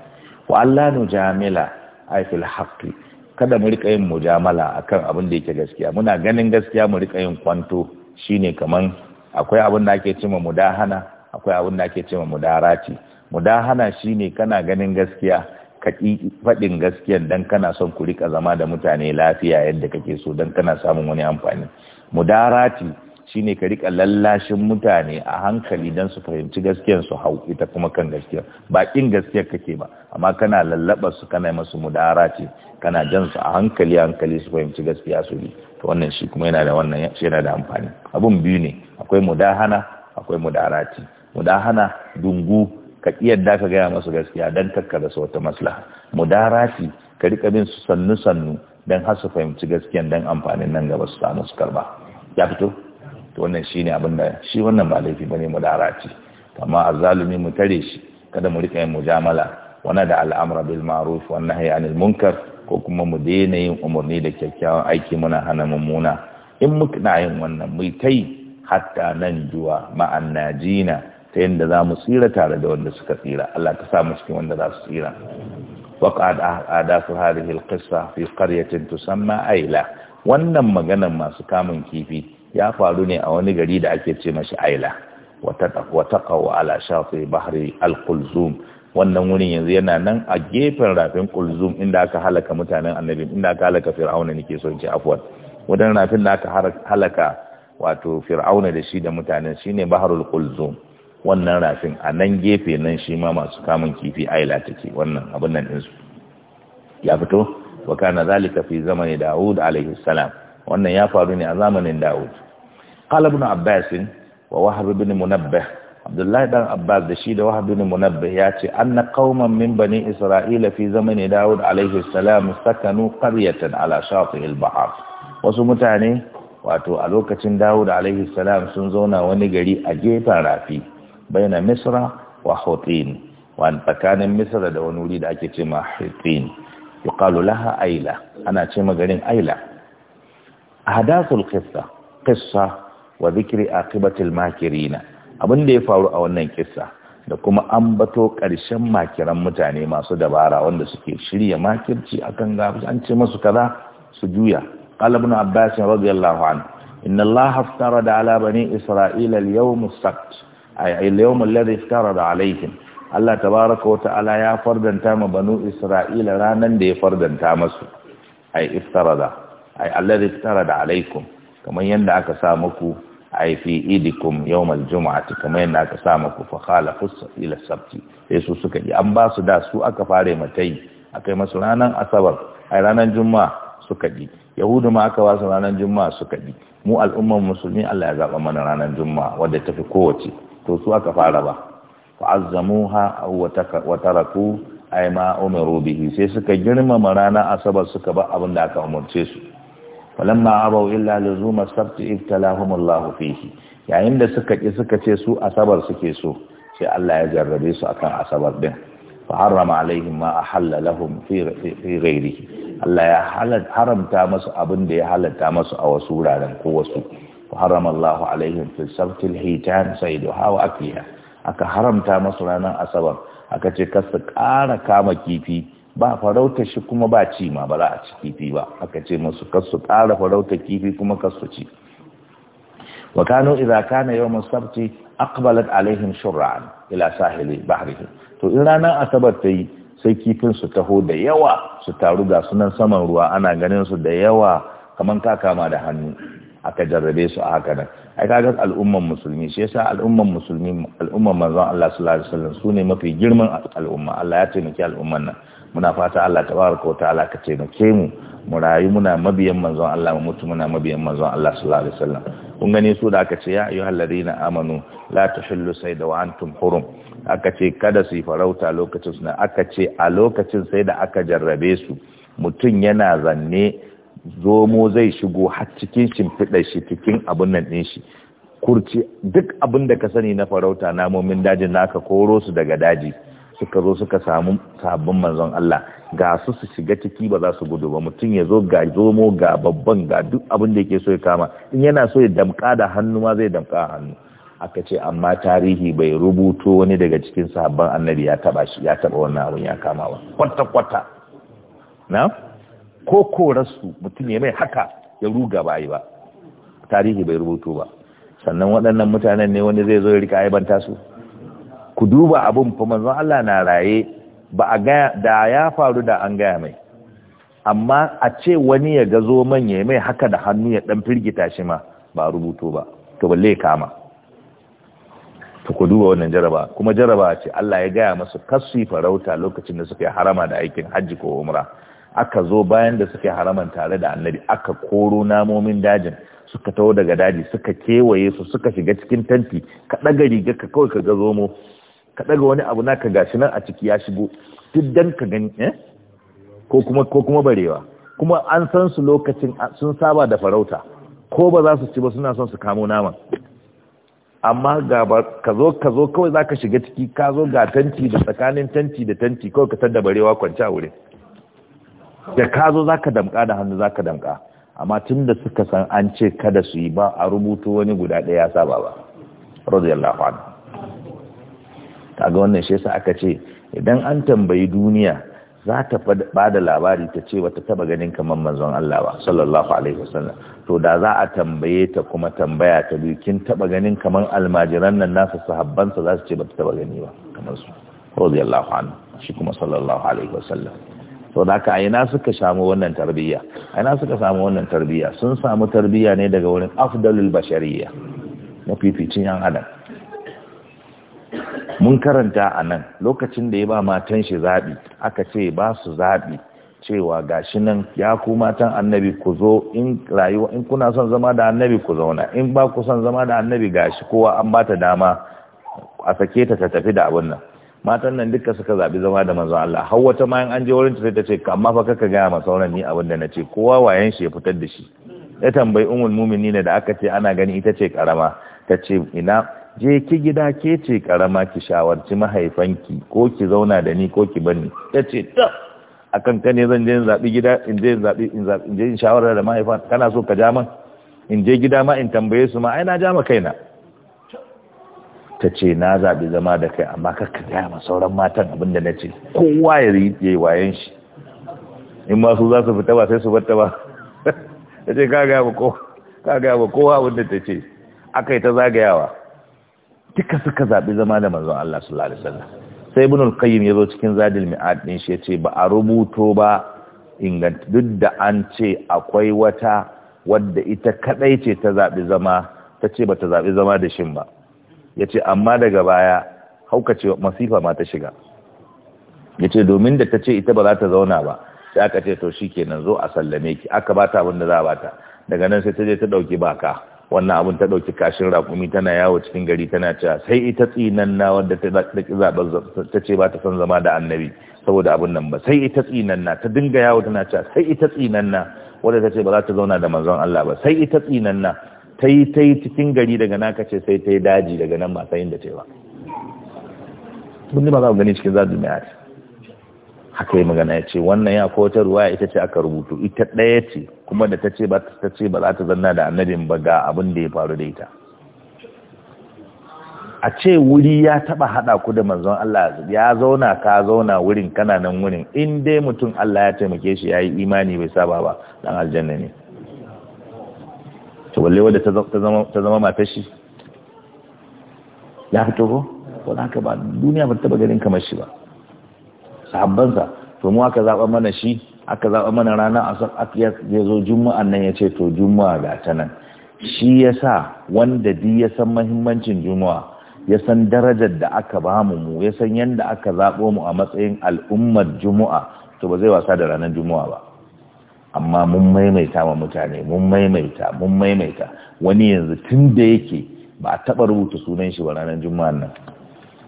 wa Allah jamila ay fil haqqi kada mu rika yin mujamala akan abin da yake gaskiya muna ganin gaskiya mu rika yin kwanto shine kaman akwai abin da ake cewa mudahana akwai abin da ake cewa mudarati mudahana shine kana ganin gaskiya ka faɗin gaskiyan dan kana son ku rika zama da mutane lafiya yadda kake so dan kana samun wani amfani mudarati shine ka rika lallashin mutane a hankali dan su fahimci gaskiyan su hau ita kuma kan gaskiya baƙin kin gaskiyar kake ba amma kana lallaba su kana masu mudarati kana jan su a hankali hankali su fahimci gaskiya su bi to wannan shi kuma yana da wannan shi yana da amfani abun biyu ne akwai mudahana akwai mudarati mudahana dungu ka yadda ka gaya masu gaskiya don kakka da wata maslaha mudarati ka rika bin su sannu sannu don har su fahimci gaskiyan don amfanin nan gaba su samu su karba ya fito to wannan ne abin da shi wannan ba laifi ne mu mudarati amma azzalumi mu tare shi kada mu rika yin mujamala wani da al'amura bil ma'ruf wani haya anil munkar ko kuma mu daina yin umarni da kyakkyawan aiki muna hana mummuna in muna yin wannan mu yi hatta nan juwa ma'an najina ta yadda za mu tsira tare da wanda suka tsira Allah ka sa mu cikin wanda za su tsira وقعد أهداف هذه القصة fi قرية تسمى أيلة wannan maganan masu kamun kifi ya faru ne a wani gari da ake ce mashi aila wata kawo ala shafi bahari al wannan wurin yanzu yana nan a gefen rafin kulzum inda aka halaka mutanen annabi inda aka halaka fir'auna nake so ce afwan wadan rafin da aka halaka wato fir'auna da shi da mutanen shine bahrul kulzum wannan rafin a nan gefe nan shi ma masu kamun kifi aila take wannan abin nan ɗinsu ya fito wa kana zalika fi zamanin Dawud alaihi salam wannan ya faru ne a zamanin Dawud qala ibn Abbas wa Wahab ibn Munabbih Abdullahi dan Abbas da shi da Wahab ibn Munabbih ya ce anna qauman min bani Isra'ila fi zamanin Dawud alaihi salam sakanu qaryatan ala shatih al-bahr wasu mutane wato a lokacin da'ud alaihi salam sun zauna wani gari a gefen rafi baina misra wa hutin wani tsakanin misra da wani wuri da ake ce ma hutin yuqalu laha aila ana ce garin aila hadasul qissa qissa wa a aqibatil makirina abin da ya faru a wannan kissa da kuma an bato ƙarshen makiran mutane masu dabara wanda suke shirya makirci akan gafi an ce masu kaza su juya qala abbasin abbas radiyallahu anhu inna allaha aftarada isra'ila yau yawm al-yawm alladhi istarada alaihim Allah tabaraka wa ta'ala ya fardanta ma banu Isra'ila ranan da ya fardanta masu ay istarada ay alladhi istarada alaikum kamar yanda aka sa muku ay fi idikum yawm al-jum'ati kamar yanda aka sa muku fa khalafu ila sabti sai su suka yi an ba su da su aka fare matai akai masu ranan asabar ay ranan juma'a suka yi yahudu ma aka wasu ranar juma'a suka yi. mu al'ummar musulmi Allah ya zaba mana ranar juma'a wadda tafi kowace to su aka fara ba fa'azzamuha wa taraku ay ma umiru bihi sai suka girmama rana asabar suka ba abin da aka umarce su falamma abaw illa luzuma sabt ibtalahum Allah fihi yayin da suka ki suka ce su asabar suke so sai Allah ya jarrabe su akan asabar din fa harrama alaihim ma ahalla lahum fi ghairihi Allah ya haramta masu abin da ya halatta masu a wasu wuraren ko wasu Muharramallahu Allah alaihim fi sabtil hitan sayduha wa akliha aka haramta masu ranar asabar aka ce kasu su ƙara kama kifi ba farauta shi kuma ba ci ma ba za a ci kifi ba aka ce masu kasu su farauta kifi kuma kasu ci wa kanu idza kana yawm sabti aqbalat alaihim shur'an ila sahili bahrihim to in ranar asabar tayi sai kifin su taho da yawa su taru ga sunan saman ruwa ana ganin su da yawa kaman ka kama da hannu aka jarrabe su a haka nan ai kaga al'umman musulmi shi yasa al'umman musulmi al'umman manzon Allah sallallahu alaihi wasallam sune mafi girman al'umma Allah ya taimaki al'umman nan muna fata Allah tabaraka wa ta'ala ka taimake mu mu rayu muna mabiyan manzon Allah mu mutu muna mabiyan manzon Allah sallallahu alaihi wasallam kun gane su da aka ce ya ayyuhal na amanu la tuhillu sayda wa antum hurum aka ce kada su yi farauta lokacin suna aka ce a lokacin sai da aka jarrabe su mutum yana zanne zomo zai shigo har cikin shimfiɗar shi cikin abin nan ɗin shi kurci duk abin da ka sani na farauta namomin dajin naka koro su daga daji suka zo suka samu sabbin manzon Allah ga su su shiga ciki ba za su gudu ba mutum ya zo ga zomo ga babban ga duk abin da yake so ya kama in yana so ya damka da hannu ma zai damka hannu aka ce amma tarihi bai rubuto wani daga cikin sabbin annabi ya taba shi ya taba wannan abin ya kama ba kwata kwata na ko korarsu mutum ya mai haka ya ruga bayi ba tarihi bai rubuto ba sannan waɗannan mutanen ne wani zai zo ya rika aibanta su ku duba abun fa manzo Allah na raye ba a ga da ya faru da an gaya mai amma a ce wani ya ga zo manya mai haka da hannu ya dan firgita shi ma ba rubuto ba to balle kama to ku duba wannan jaraba kuma jaraba ce Allah ya gaya masu kasu farauta lokacin da suka yi harama da aikin hajji ko umra aka zo bayan da suke haraman tare da annabi aka koro namomin dajin suka taho daga daji suka kewaye su suka shiga cikin tanti ka ɗaga riga ka kawai ka ga zomo ka ɗaga wani abu naka gashi nan a ciki ya shigo duk dan ka gani eh? ko kuma ko kuma barewa kuma an san su lokacin sun saba da farauta ko ba za su ci ba suna son su kamo naman amma ga ka zo ka zo kawai zaka shiga ciki ka zo ga tanti da tsakanin tanti da tanti kawai ka tada barewa kwanci a wurin da ka zo za ka damƙa da hannu za ka damƙa amma tun da suka san an ce kada su yi ba a rubuto wani guda ɗaya ya saba ba radiyallahu anhu ga wannan shi yasa aka ce idan an tambayi duniya za ta ba da labari ta ce wata taba ganin kamar manzon Allah ba sallallahu alaihi wasallam to da za a tambaye ta kuma tambaya ta biyu kin taba ganin kamar almajiran nan nasu sahabbansa za su ce ba ta taba gani ba kamar su radiyallahu anhu shi kuma sallallahu alaihi wasallam sau da a ina suka samu wannan tarbiyya aina suka samu wannan tarbiyya sun samu tarbiyya ne daga wurin afdalul bashariya fifitin yan adam mun karanta a nan lokacin da ya ba matan shi zaɓi aka ce ba su zaɓi cewa gashi nan ya ku matan annabi ku zo in rayuwa in kuna son zama da annabi ku zauna in ba ku son zama da annabi gashi kowa an ba ta dama a sake ta ta tafi da abin nan matan nan duka suka zabi zama da manzon Allah har wata ma an je wurin sai ta ce amma fa kaka ga ma sauran ni abin da nace kowa wayan shi ya fitar da shi ya tambayi ummul ne da aka ce ana gani ita ce karama ta ce ina je ki gida ke ce karama ki shawarci mahaifanki ko ki zauna da ni ko ki bani ta ce ta akan ka ne zan je zabi gida in je in je shawara da mahaifan kana so ka ja man in je gida ma in tambaye su ma ai na ja ma kaina ta ce na zaɓi zama da kai amma kakka gaya ma sauran matan abin da na ce kowa ya yi wayan shi in ma su za su fita ba sai su batta ba ta ce ka gaya ba kowa abin ta ce aka yi ta zagayawa duka suka zaɓi zama da manzon Allah sallallahu alaihi sai ibnul al-qayyim yazo cikin zadil mi'ad din shi yace ba a rubuto ba inganta duk da an ce akwai wata wadda ita kadai ce ta zaɓi zama ta ce ba ta zaɓi zama da shin ba ya ce amma daga baya haukace masifa ma ta shiga ya ce domin da ta ce ita ba za ta zauna ba sai aka ce to shi kenan zo a sallame ki aka ba ta abin da za a bata daga nan sai ta je ta ɗauki baka wannan abin ta ɗauki kashin rakumi tana yawo cikin gari tana cewa sai ita tsinan na wadda ta ta ce ba ta son zama da annabi saboda abin nan ba sai ita tsinan na ta dinga yawo tana cewa sai ita tsinan na wadda ta ce ba za ta zauna da manzon Allah ba sai ita tsinan na sai ta yi cikin gari daga na kace sai ta yi daji daga nan masu yin da cewa ba za ku gani cikin zazu mai ati haka yi magana ya ce wannan ya kowace ruwa ita ce aka rubutu ita ɗaya ce kuma da ta ce ba ta ce ba za ta zanna da annabin ba ga abin da ya faru da ita a ce wuri ya taba hada ku da manzon Allah ya zauna ka zauna wurin kana nan wurin in dai mutum Allah ya taimake shi ya yi, imani bai saba ba dan aljanna ne to balle wadda ta zama matar shi ya fito ko wani haka ba duniya ba taba ganin kamar shi ba sahabbansa to mu aka zaɓa mana shi aka zaɓa mana rana a ya zo Juma'a nan ya ce to juma'a ga ta nan shi ya sa wanda di ya san mahimmancin juma'a ya san darajar da aka ba mu mu ya san yadda aka zaɓo mu a matsayin al'ummar juma'a to ba zai wasa da ranar juma'a ba amma mun maimaita wa mutane mun maimaita mun maimaita wani yanzu tun da yake ba a taɓa rubuta sunan shi ba ranar juma'a nan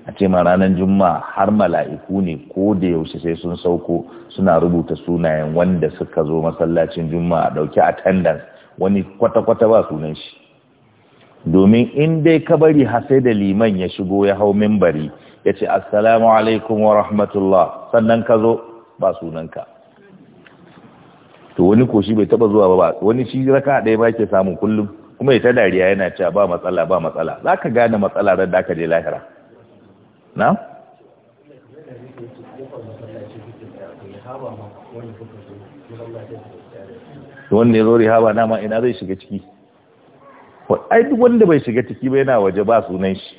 a ce ma ranar juma'a har mala'iku ne ko da yaushe sai sun sauko suna rubuta sunayen wanda suka zo masallacin juma'a ɗauki attendance wani kwata-kwata ba sunan shi domin in dai ka bari sai da liman ya shigo ya hau mimbari ya ce assalamu alaikum wa rahmatullah sannan ka zo ba sunanka to wani ko shi bai taba zuwa ba wani shi raka ɗaya ba ke samu kullum kuma ya ta dariya yana cewa ba matsala ba matsala za ka gane matsala ran da aka je lahira na? wanda ya zo rihaba Nama ina zai shiga ciki ai duk wanda bai shiga ciki ba yana waje ba sunan shi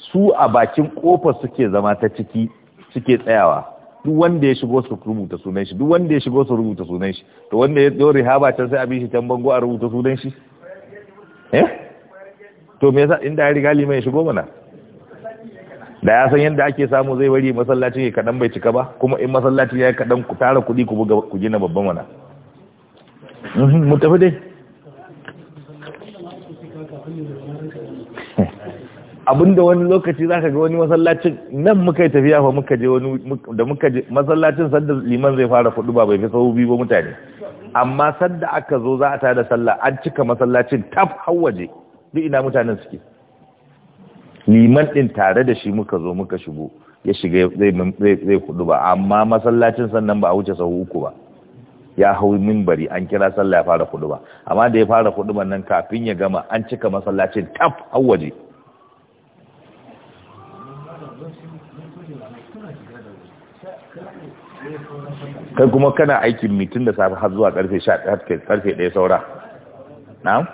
su a bakin kofar suke zama ta ciki suke tsayawa duk wanda ya shigo su rubuta sunan shi duk wanda ya shigo su rubuta sunan shi to wanda ya dore haba can sai a shi can bango a rubuta sunan shi eh to me yasa inda ya riga liman ya shigo mana da ya san yadda ake samu zai bari masallacin ya kadan bai cika ba kuma in masallacin ya kadan ku tara kuɗi ku buga ku gina babban mana mhm, mu tafi dai da wani lokaci zaka ga wani masallacin nan muka yi tafiya fa muka je wani da muka je masallacin sanda liman zai fara fudu ba bai fi sau biyu ba mutane amma sanda aka zo za a tada sallah an cika masallacin taf hawaje duk ina mutanen suke liman din tare da shi muka zo muka shigo ya shiga zai kudu ba amma masallacin sannan ba a wuce sau uku ba ya hau minbari an kira sallah ya fara kudu ba amma da ya fara kudu nan kafin ya gama an cika masallacin taf hawaje kai kuma kana aikin mitin da safe har zuwa karfe 11 karfe 1 saura na'am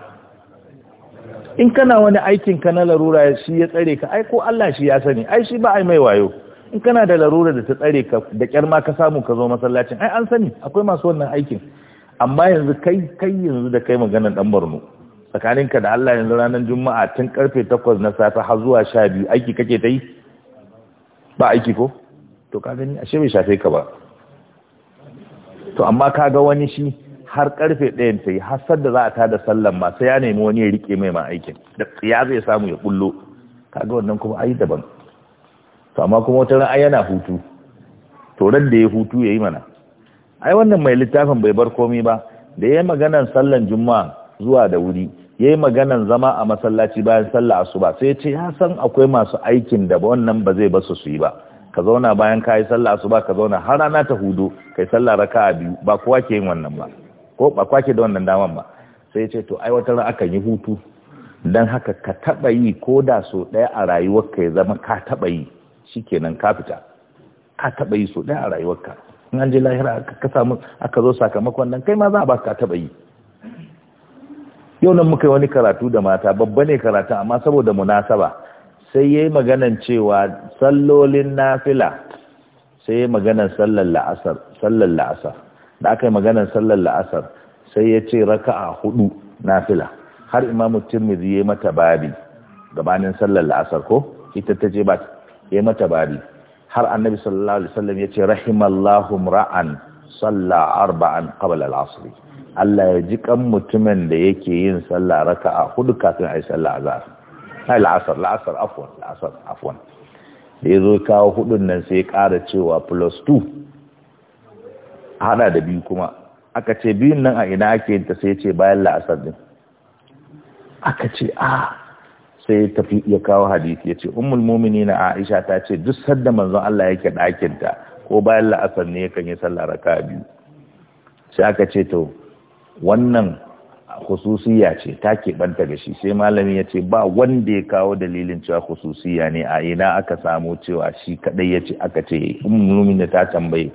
in kana wani aikin ka na larura shi ya tsare ka ai ko Allah shi ya sani ai shi ba ai mai wayo in kana da larura da ta tsare ka da kyar ma ka samu ka zo masallacin ai an sani akwai masu wannan aikin amma yanzu kai kai yanzu da kai maganar dan Borno tsakaninka da Allah yanzu ranar Juma'a tun karfe 8 na safe har zuwa 12 aiki kake ta yi ba aiki ko to ka gani ashe bai shafe ka ba to amma kaga wani shi har karfe ɗayan sai yi da za a tada sallan ma sai ya nemi wani ya rike mai ma aikin da ya zai samu ya kullo ga wannan kuma ai daban to amma kuma wata ran yana hutu to ran da ya hutu yayi mana ai wannan mai littafin bai bar komai ba da yayi maganan sallan juma'a zuwa da wuri yayi maganan zama a masallaci bayan sallah asuba sai ya ce ya san akwai masu aikin da wannan ba zai basu su yi ba ka zauna bayan ka yi sallah asuba ka zauna har rana ta hudu kai sallah raka'a biyu ba kowa ke yin wannan ba ko ba kowa ke da wannan daman ba sai ya ce to ai wata akan yi hutu dan haka ka taba yi ko da so daya a rayuwarka ya zama ka taba yi shikenan ka fita ka taba yi so daya a rayuwarka in an je lahira ka samu aka zo sakamakon nan kai ma za a ba ka taba yi yau nan muka yi wani karatu da mata babba ne karatu amma saboda munasaba sai yayi maganan cewa sallolin nafila sai yi maganan sallar la'asar sallar la'asar da aka yi maganan sallar la'asar sai ya ce raka'a hudu nafila har imamu tirmidhi yi mata bari gabanin sallar la'asar ko ita ta ce ba mata bari har annabi sallallahu alaihi wasallam ya ce rahimallahu ra'an salla arba'an qabla al-'asr Allah ya ji kan mutumin da yake yin sallah raka'a hudu kafin ayi sallah azhar la'asar la'asar afwan la'asar afwan da ya zo kawo hudun nan sai ƙara cewa plus 2 hada da biyu kuma aka ce biyun nan a ina ake yin ta sai ce bayan la'asar din aka ce a sai tafi ya kawo hadisi ya ce ummul muminina aisha ta ce duk sadda manzon Allah yake ɗakin ta ko bayan la'asar ne yakan yi sallah raka biyu sai aka ce to wannan khususiya ce ta keɓanta da shi sai malami ya ce ba wanda ya kawo dalilin cewa khususiya ne a ina aka samo cewa shi kadai ya ce aka ce in da ta tambaye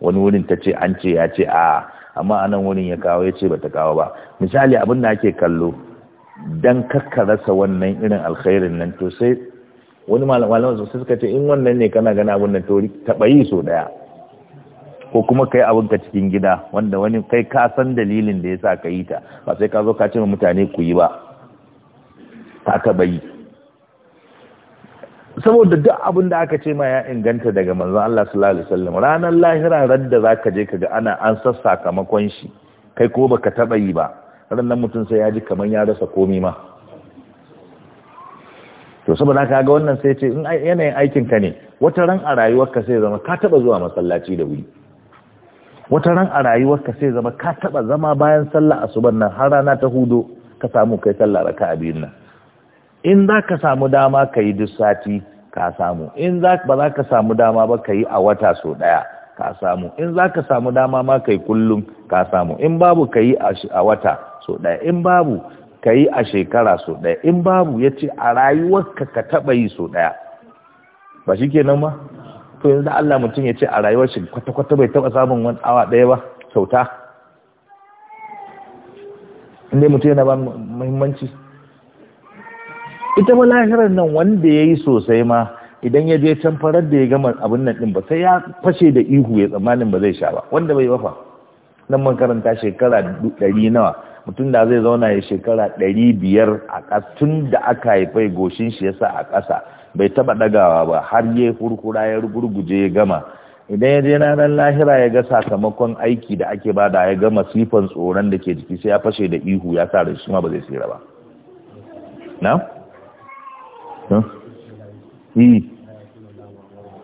wani wurin ta ce an ce ya ce a amma a nan wurin ya kawo ya ce bata kawo ba misali abin da ake kallo dan kakkarasa rasa wannan irin alkhairin nan to sai wani malaman suka ce in wannan ne kana gana abin nan to taɓa yi so ɗaya ko kuma kai abin ka cikin gida wanda wani kai ka san dalilin da yasa ka yi ta ba sai ka zo ka ce ma mutane ku yi ba ka bai saboda duk abin da aka ce ma ya inganta daga manzon Allah sallallahu alaihi wasallam ranar lahira radda zaka je kaga ana an sassa kamakon shi kai ko baka taba yi ba ranar mutum sai ya ji kaman ya rasa komi ma to saboda ka ga wannan sai ce in yanayin aikin ka ne wata ran a rayuwarka sai zama ka taba zuwa masallaci da wuri wata ran a rayuwarka sai zama ka taba zama bayan sallah asuban nan har rana ta hudu ka samu kai sallah a biyun nan in za ka samu dama ka yi duk sati ka samu in ba za ka samu dama ba ka yi a wata so daya ka samu in za ka samu dama ma ka yi kullum ka samu in babu ka yi a wata so daya in babu ka yi a shekara so daya in babu ya ce a rayuwarka ka taba yi so daya ba shi kenan ma to yanzu da Allah mutum ya ce a rayuwar shi kwata-kwata bai taɓa samun wani awa ɗaya ba kyauta inda mutum yana ba muhimmanci ita ma lahirar nan wanda ya yi sosai ma idan ya je can farar da ya gama abin nan ɗin ba sai ya fashe da ihu ya tsammanin ba zai sha ba wanda bai wafa nan man karanta shekara ɗari nawa mutum da zai zauna ya shekara ɗari biyar a tun da aka haifai goshin shi yasa a ƙasa bai taba dagawa ba har ya furkura ya rugurguje ya gama idan ya je ranar lahira ya ga sakamakon aiki da ake bada ya gama sifan tsoron da ke jiki sai ya fashe da ihu ya sa da shi ma ba zai tsira ba na? yi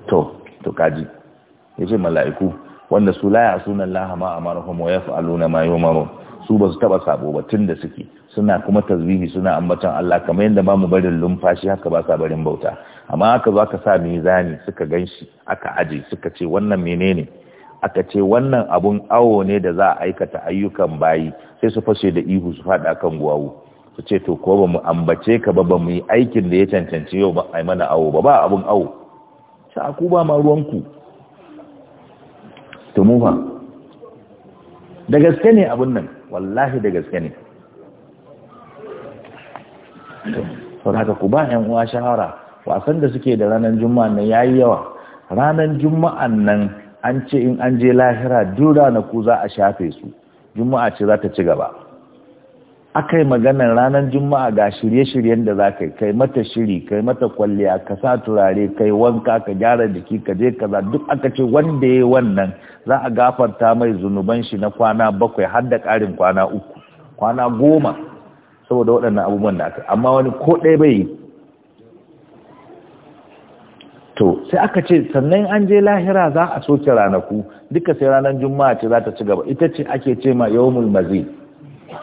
to to kaji ya ce mala'iku wanda su laya sunan lahama a marahun ya fa'alu mayo maro su ba su taba sabo ba tun da suke suna kuma tasbihi suna ambaton Allah kamar yadda ba mu barin lumfashi haka ba sa barin bauta amma haka zo aka sa mizani suka ganshi aka aje suka ce wannan menene aka ce wannan abun awo ne da za a aikata ayyukan bayi sai su fashe da ihu su fada kan guwawu su ce to ko ba mu ambace ka ba ba mu yi aikin da ya cancanci yau ba ai mana awo ba ba abun awo sa ku ba ma ruwanku ba da gaske ne abun nan wallahi da gaske ne sau haka ku ba yan uwa shahara, wasan da suke da ranar juma'a nan yayi yawa ranan juma'an nan an ce in an je lahira duk ranaku za a shafe su juma'a ce za ta ci gaba akai yi maganar ranar juma'a ga shirye-shiryen da za ka yi kai mata shiri kai mata kwalliya ka sa turare kai wanka ka gyara jiki ka je kaza duk aka ce wanda ya wannan za a gafarta mai zunuban shi na kwana bakwai har da ƙarin kwana uku kwana goma saboda waɗannan abubuwan da aka amma wani ko ɗaya bai yi to sai aka ce sannan an je lahira za a soke ranaku duka sai ranar juma'a ce za ta ci gaba ita ce ake ce ma yawmul mazid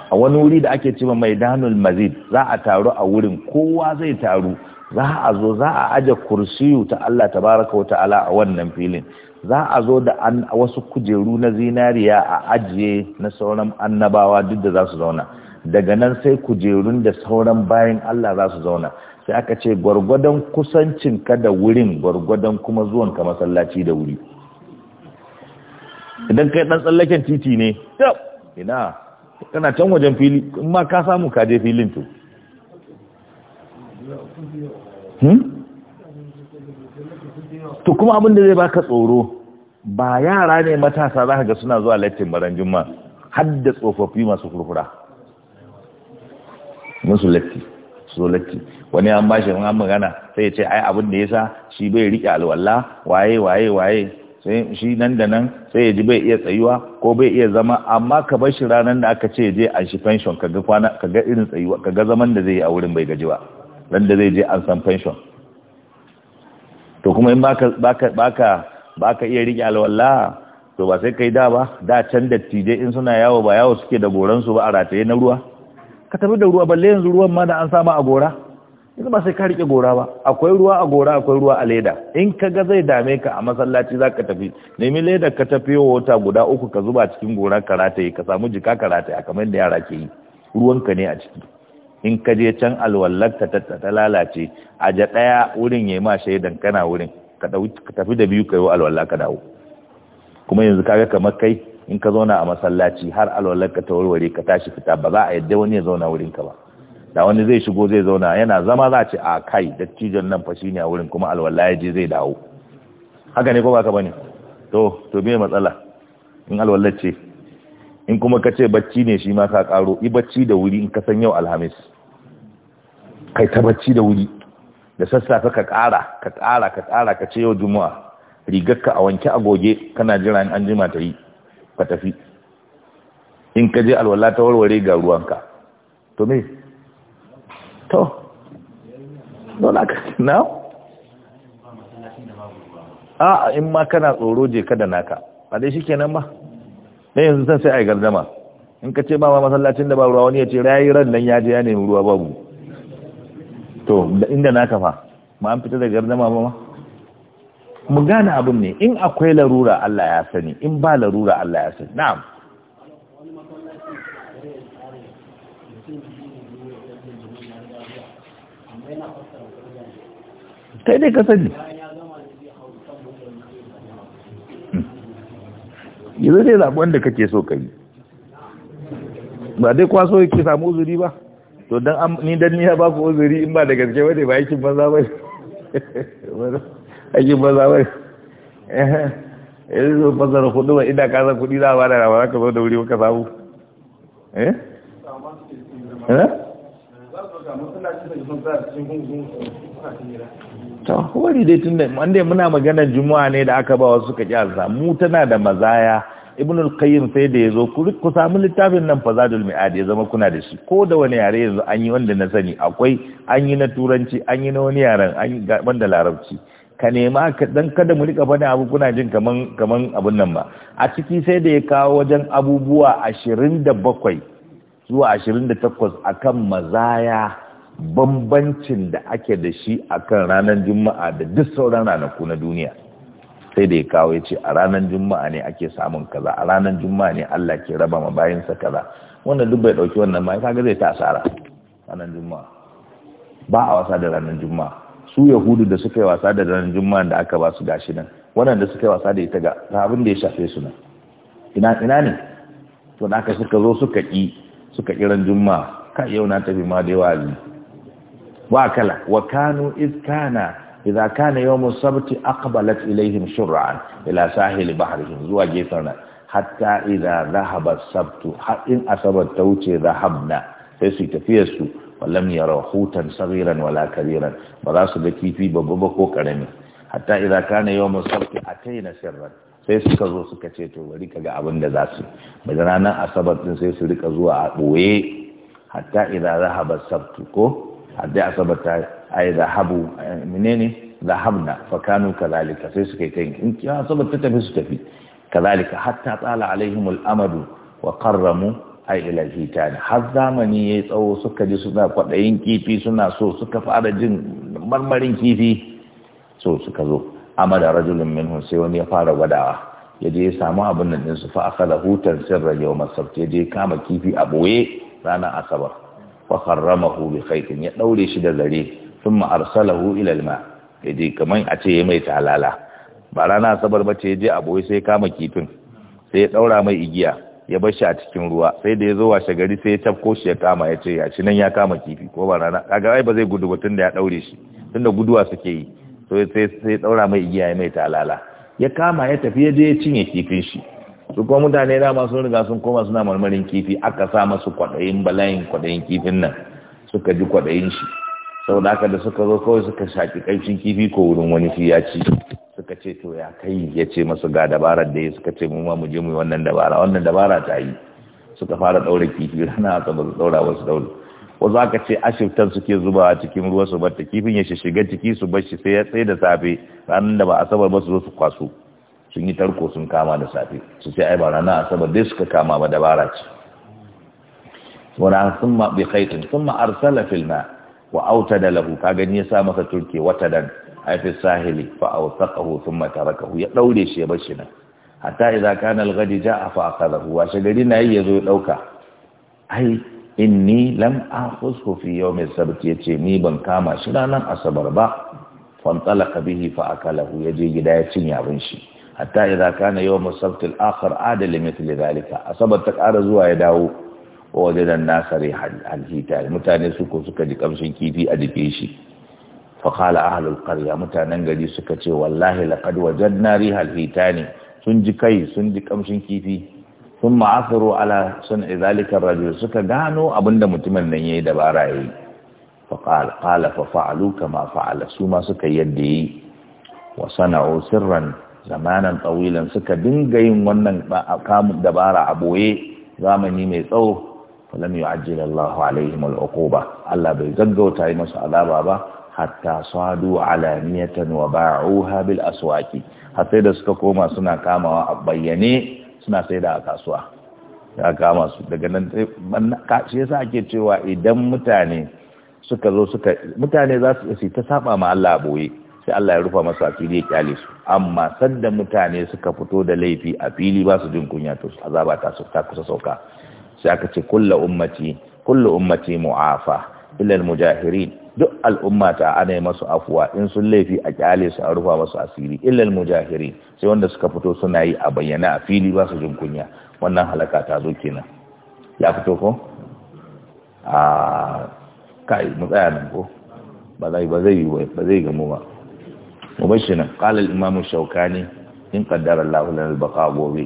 a wani wuri da ake ce ma maidanul mazid za a taru a wurin kowa zai taru za a zo za a aje kursiyu ta Allah tabaraka wata'ala a wannan filin za a zo da an wasu kujeru na zinariya a ajiye na sauran annabawa duk da za su zauna daga nan sai kujerun da sauran bayan Allah za su zauna sai aka ce gwargwadon kusancinka da wurin gwargwadon kuma zuwanka masallaci da wuri idan kai dan tsallaken titi ne ina kana can wajen fili in ma ka samu kaje filin to hmm? to kuma abin da zai baka tsoro ba yara ne matasa za ka ga suna zuwa lattin baran Juma'a? har da tsofaffi masu furfura musu latti su latti wani an bashi wani an magana sai ya ce ai abin da yasa shi bai rike alwala waye waye waye sai shi nan da nan sai ya ji bai iya tsayuwa ko bai iya zama amma ka bar shi ranar da aka ce je a shi pension ga kwana ga irin tsayuwa ka ga zaman da zai yi a wurin bai gaji ba dan da zai je an san pension to kuma in baka baka baka baka iya rike alwala to ba sai kai da ba da can dattijai in suna yawo ba yawo suke da goransu ba a rataye na ruwa ka tafi da ruwa balle yanzu ruwan ma da an samu a gora yanzu ba sai ka rike gora ba akwai ruwa a gora akwai ruwa a leda in ka ga zai dame ka a masallaci za ka tafi nemi leda ka tafi wata guda uku ka zuba cikin gora ka rataye ka samu jika ka rataye kamar da yara ke yi ruwanka ne a ciki in ka je can alwallarka ta ta lalace a ja ɗaya wurin ya yi ma shaidan kana wurin ka tafi da biyu ka yi alwallar ka dawo kuma yanzu kaga kamar kai in ka zauna a masallaci har alwalar ka ta warware ka tashi fita ba za a yadda wani ya zauna wurin ka ba da wani zai shigo zai zauna yana zama za a ce a kai dattijon nan fashi ne a wurin kuma alwala ya je zai dawo haka ne ko ba ka bane to to me matsala in alwalar ce in kuma ka ce bacci ne shi ma ka karo yi bacci da wuri in ka san yau alhamis kai ta bacci da wuri da sassafe ka kara ka kara ka kara ka ce yau juma'a rigar ka a wanke a goge kana jira in an jima ta yi ka tafi in ka je alwala ta warware ga ruwanka to me to dole ka na a in ma kana tsoro je kada da naka a dai shi kenan ba dai yanzu san sai a yi gardama in ka ce ba ma masallacin da ba ruwa wani ya ce rayu ran nan ya je ya nemi ruwa babu to inda naka fa ma an fita da gardama ba ma mu gane abin ne in akwai larura Allah ya sani in ba larura Allah ya sani na'am kai dai ka sani hmm. yanzu zai zaɓi wanda kake so ka yi ba dai kwaso yake samu uzuri ba to don ni don ni ya ba ku uzuri in ba da gaske wadda ba yakin banza ba aikin banza bai yanzu zo fasara kudu ba ina kasa kudi za a bada na ba za ka zo da wuri maka samu eh? eh? ta wari dai tun da wanda muna maganar juma'a ne da aka ba wasu suka a mu tana da mazaya ibn al-qayyim sai da yazo ku samu littafin nan fazadul mi'ad ya zama kuna da shi ko da wani yare yanzu an yi wanda na sani akwai an yi na turanci an yi na wani yaren an yi wanda larabci ka nema dan kada mu rika faɗin abu kuna jin kaman kaman abun nan ba a ciki sai da ya kawo wajen abubuwa 27 zuwa 28 akan mazaya bambancin da ake da shi akan ranar juma'a da duk sauran ranaku na duniya sai da ya kawo ya ce a ranar juma'a ne ake samun kaza a ranar juma'a ne Allah ke raba ma bayansa kaza wannan duk bai dauki wannan ma ya kaga zai ta asara ranar juma'a ba a wasa da ranar juma'a su yahudu da suka yi wasa da ranar juma'a da aka ba su gashi nan waɗanda suka yi wasa da ita ga abin da ya shafe su nan ina ina ne to da aka suka zo suka ƙi suka juma'a ka yau na tafi ma da yawa ne wa kala wa kanu iz kana idza kana yawmu sabti aqbalat ilaihim shur'an ila sahil bahrihim zuwa gefen hatta idza dhahaba sabtu har in asabar ta wuce zahabna sai su tafiya su wallam yara hutan sagiran wala kabiran ba za su da kifi babba ba ko karami hatta idan kana yawmun sabti ataina sirran sai suka zo suka ce to bari kaga abin da za su da ranar asabar din sai su rika zuwa a boye hatta idan zahaba sabtu ko hadda asabar ta ai zahabu menene zahabna fa kanu kadalika sai suka yi in asabar ta tafi su tafi kadalika hatta tsala alaihimul amadu wa qarramu ai ta ne har zamani ya yi tsawo suka ji suna kwaɗayin kifi suna so suka fara jin marmarin kifi so suka zo amma da rajulun minhun sai wani ya fara gwadawa ya je ya samu abin da ɗinsu fa aka da hutar sirra yau masarci ya je kama kifi a ɓoye ranar asabar fa karramahu bi khaitin ya ɗaure shi da zare sun arsalahu ilal ma ya je kamar a ce ya mai talala ba ranar asabar ba ce ya je a ɓoye sai kama kifin sai ya ɗaura mai igiya ya bar shi a cikin ruwa sai da ya zo washe gari sai ya tafko shi ya kama ya ce ya ci nan ya kama kifi ko ba rana kaga ai ba zai gudu ba tunda ya daure shi tunda guduwa suke yi so sai sai daura mai igiya mai talala ya kama ya tafi ya je ya cinye kifin shi su kuma mutane dama sun riga sun koma suna marmarin kifi aka sa masu kwaɗayin bala'in kwaɗayin kifin nan suka ji kwaɗayin shi da aka da suka zo kawai suka shaƙi ƙanshin kifi ko wurin wani shi ya ci suka ce to ya kai ya ce masu ga dabarar da ya suka ce mu ma mu je mu yi wannan dabara wannan dabara ta yi suka fara ɗaure kifi rana aka ba su ɗaura wasu ɗaure wasu aka ce ashirtan suke zuba a cikin ruwa su batta kifin ya shiga ciki su bar shi sai ya tsaye da safe ranar da ba asabar ba su zo su kwaso sun yi tarko sun kama da safe su ce ai ba ranar asabar dai suka kama ba dabara ce Wani sun ma bi khaitin sun ma arsala filma wa auta da lahu ka gani ya sa masa turke wata dan aifi sahili fa autaqahu thumma tarakahu ya daure shi ya bar shi nan hatta idza kana al-ghadi ja'a fa akhadahu wa shagari na yi yazo ya dauka ai inni lam akhuzhu fi yawm as-sabt yace ni ban kama shi ranar asabar ba fantalaka bihi fa akalahu yaje gida ya cinye abin shi hatta idza kana yawm as-sabt al-akhar adala mithli dhalika asabar ta kara zuwa ya dawo wa wajadan nasari alhita mutane suku suka ji kamshin kifi a jikin shi fa qala ahlul qarya mutanen gari suka ce wallahi laqad wajen rihal hitani sun ji kai sun ji kamshin kifi sun ma'asaru ala sun Izalikan rajul suka gano abinda mutumin nan yi dabara ya yi. qala fa'alu kama fa'ala su ma suka yadda yayi wa sana'u sirran zamanan tsawilan suka dinga yin wannan kamun dabara a boye zamani mai tsawo lam yu'ajjil Allahu alaihim al'uquba Allah bai gaggauta yi musu azaba ba hatta sadu alaniyatan wa ba'uha bil aswaqi har da suka koma suna kamawa a bayyane suna saida a kasuwa ya daga nan shi yasa ake cewa idan mutane suka zo suka mutane za su ta saba ma Allah boye sai Allah ya rufa masu asiri ya kyale su amma sanda mutane suka fito da laifi a fili ba su jin kunya to azaba ta su ta kusa sauka sai aka ce kullu ummati kullu ummati mu'afa illa al-mujahirin duk al'umma ta ana masu afuwa in sun laifi a kyale su a rufa masu asiri Illan mujahiri sai wanda suka fito suna yi a bayyana a fili ba su jin kunya wannan halaka ta zo kenan ya fito ko a kai mu tsaya nan ko ba zai ba zai ba zai gamu ba mubashirin qala al-imam shawkani in qaddara Allahu lana al-baqa gobe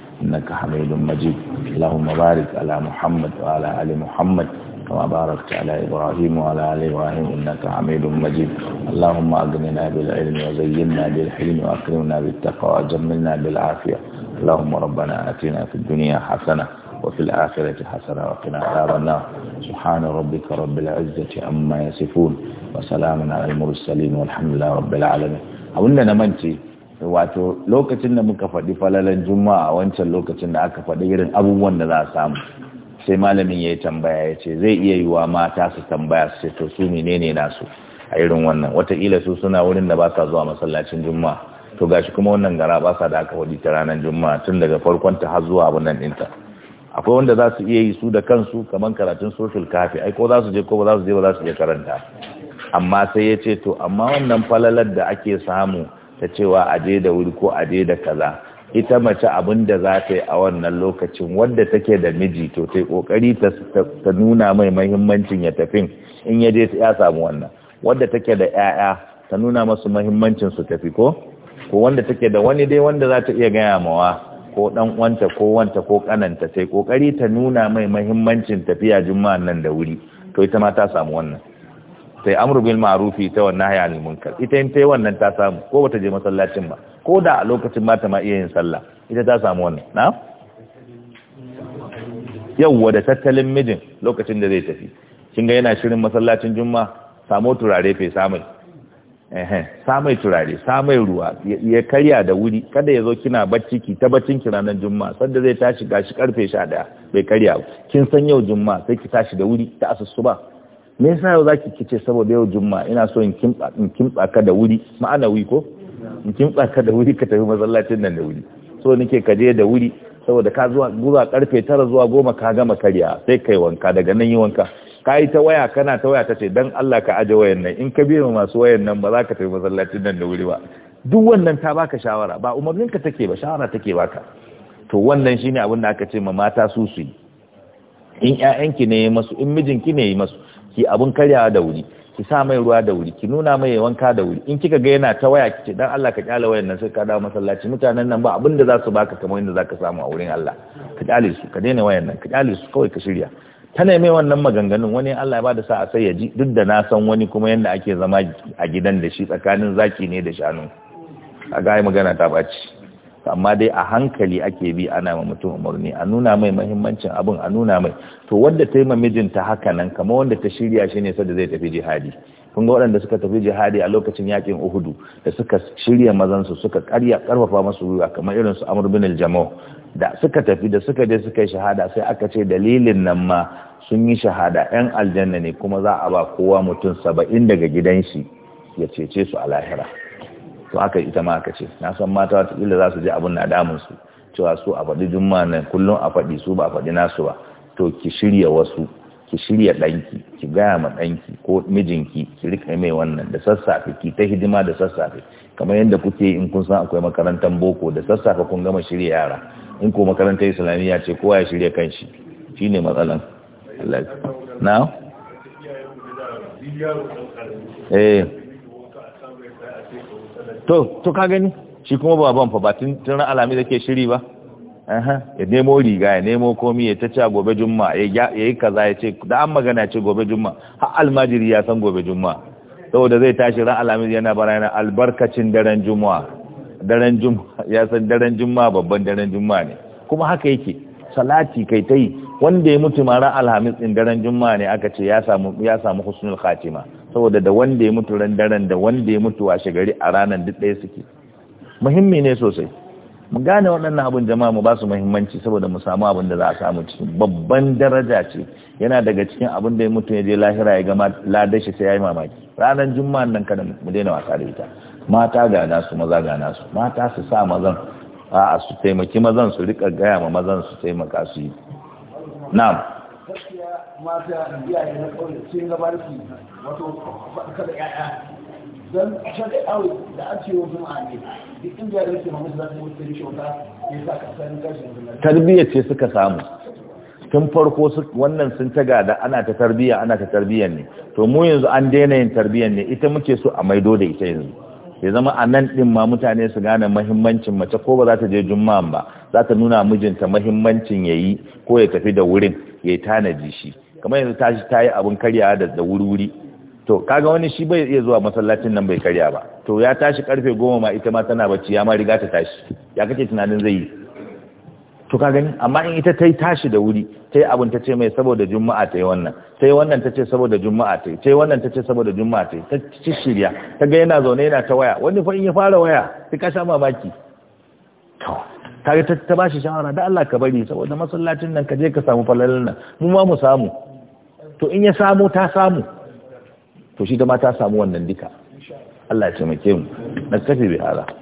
إنك حميد مجيد اللهم بارك على محمد وعلى آل محمد كما باركت على إبراهيم وعلى آل إبراهيم إنك حميد مجيد اللهم أغننا بالعلم وزينا بالحلم وأكرمنا بالتقوى وجملنا بالعافية اللهم ربنا آتنا في الدنيا حسنة وفي الآخرة حسنة وقنا عذاب النار سبحان ربك رب العزة عما يصفون وسلام على المرسلين والحمد لله رب العالمين أقول لنا منتي wato lokacin da muka faɗi falalan juma'a a wancan lokacin da aka faɗi irin abubuwan da za a samu sai malamin ya yi tambaya ya ce zai iya yiwa mata su tambaya su ce to su menene nasu a irin wannan wataƙila su suna wurin da ba sa zuwa masallacin juma'a to gashi kuma wannan gara ba sa da aka faɗi ta ranar juma'a tun daga farkon ta har zuwa abin nan ɗinta akwai wanda za su iya yi su da kansu kamar karatun social cafe, ai ko za su je ko ba za su je ba za su je karanta amma sai ya ce to amma wannan falalar da ake samu ta cewa aje da wuri ko aje da kaza ita mace abin da za ta yi a wannan lokacin wadda take da miji to ta kokari ta nuna mai mahimmancin ya tafi in ya je ya samu wannan wadda take da 'ya'ya ta nuna masu mahimmancin su tafi ko ko wanda take da wani dai wanda za ta iya gaya mawa ko dan wanta ko wanta ko kananta sai kokari ta nuna mai mahimmancin tafiya juma'an nan da wuri to ita ma ta samu wannan sai amru bil ma'rufi ta wannan haya anil munkar ita in tayi wannan ta samu ko bata je masallacin ba ko da a lokacin ta ma iya yin sallah ita ta samu wannan na yawwa da tattalin mijin lokacin da zai tafi kin ga yana shirin masallacin juma'a samo turare fe samai eh samai turare samai ruwa ya karya da wuri kada ya zo kina bacci ki ta baccin ki ranar juma'a sanda zai tashi gashi karfe 11 bai karya kin san yau juma'a sai ki tashi da wuri ta asusuba me yasa yau zaki kice saboda yau juma'a ina so in kimba in kimba ka da wuri ma'ana wi ko in kimba ka da wuri ka tafi masallacin nan da wuri so nake ka je da wuri saboda ka zuwa zuwa karfe 9 zuwa 10 ka gama karya sai kai wanka daga nan yi wanka ka yi ta waya kana ta waya ta ce dan Allah ka aje wayan nan in ka biye masu wayan nan ba za ka tafi masallacin nan da wuri ba duk wannan ta baka shawara ba umarnin ka take ba shawara take baka to wannan shine abin da aka ce ma mata su su yi in ƴaƴanki ne masu in mijinki ne yi masu ki abun karyawa da wuri ki sa mai ruwa da wuri ki nuna mai wanka da wuri in kika ga yana ta waya kike dan Allah ka kyale wayannan sai ka dawo masallaci mutanen nan ba abin da za su baka kamar yadda zaka samu a wurin Allah ka kyale su ka daina wayannan ka kyale su kawai ka shirya ta mai wannan maganganun wani Allah ya bada sa'a sai ya ji duk da na san wani kuma yanda ake zama a gidan da shi tsakanin zaki ne da shanu a ga magana ta baci amma dai a hankali ake bi ana ma mutum umarni a nuna mai mahimmancin abin a nuna mai to wanda ta yi ma mijinta haka nan kamar wanda ta shirya shi ne sada zai tafi jihadi kun ga waɗanda suka tafi jihadi a lokacin yakin uhudu da suka shirya mazansu suka karya karfafa masu ruwa kamar irin su amur bin aljamo da suka tafi da suka je suka yi shahada sai aka ce dalilin nan ma sun yi shahada yan aljanna ne kuma za a ba kowa mutum saba'in daga gidan shi ya cece su a lahira to yi ita ma aka ce na san mata wata kila za su ji abin na damun su cewa su a faɗi jumma na kullum a faɗi su ba a faɗi nasu ba to ki shirya wasu ki shirya ɗanki ki gaya ma ɗanki ko mijinki ki rika mai wannan da sassafe ki ta hidima da sassafe kamar yadda kuke in kun san akwai makarantar boko da sassafe kun gama shirya yara in ko makarantar islamiyya ce kowa ya shirya kanshi shine matsalan na to to ka gani shi kuma baban fa ba tun ran alami da ke shiri ba ya nemo riga ya nemo komi ya tace gobe juma ya yi kaza ya ce da an magana ce gobe juma har almajiri ya san gobe juma saboda zai tashi ran alami yana bara yana albarkacin daren jumma. daren juma'a ya san daren jumma babban daren jumma ne kuma haka yake salati kai tai wanda ya mutu ma ran alhamis din daren juma'a ne aka ce ya samu ya samu husnul khatima saboda da wanda ya mutu ran daren da wanda ya mutu washe gari a ranar duk ɗaya suke muhimmi ne sosai mu gane waɗannan abin jama'a mu ba su muhimmanci saboda mu samu abin da za a samu cikin babban daraja ce yana daga cikin abin da ya mutu ya je lahira ya gama ladashi sai ya yi mamaki ranar juma'a nan kada mu daina wasa da ita mata ga nasu maza ga nasu mata su sa mazan a'a su taimaki mazan su riƙa gaya ma mazan su taimaka su yi na'am mata iyaye na wato faɗaka da ƴaƴa don aure da an ce wasu ma'ani duk inda ya rike mamu za yi ya sa tarbiyyar ce suka samu tun farko wannan sun ta gada ana ta tarbiyya ana ta tarbiyyar ne to mu yanzu an daina yin tarbiyyar ne ita muke so a maido da ita yanzu ya zama a nan ɗin ma mutane su gane mahimmancin mace ko ba za ta je juma'an ba za ta nuna mijinta mahimmancin ya yi ko ya tafi da wurin ya yi tanaji shi kamar yanzu ta shi ta yi abin karya da wuri-wuri to kaga wani shi bai iya zuwa masallacin nan bai karya ba to ya tashi karfe goma ma ita ma tana bacci ya ma riga ta tashi ya kake tunanin zai yi to kaga ni amma in ita ta yi tashi da wuri ta yi abin ta ce mai saboda juma'a ta yi wannan ta yi wannan ta ce saboda juma'a ta yi ta yi wannan ta ce saboda juma'a ta yi ta ci shirya ta ga yana zaune yana ta waya wani fa in ya fara waya sai ka sha mamaki to ta ta ba shi shawara da Allah ka bari saboda masallacin nan ka je ka samu falalin nan mu ma mu samu to in ya samu ta samu to shi ta ma ta samu wannan duka Allah ya taimake mu na kafi bihara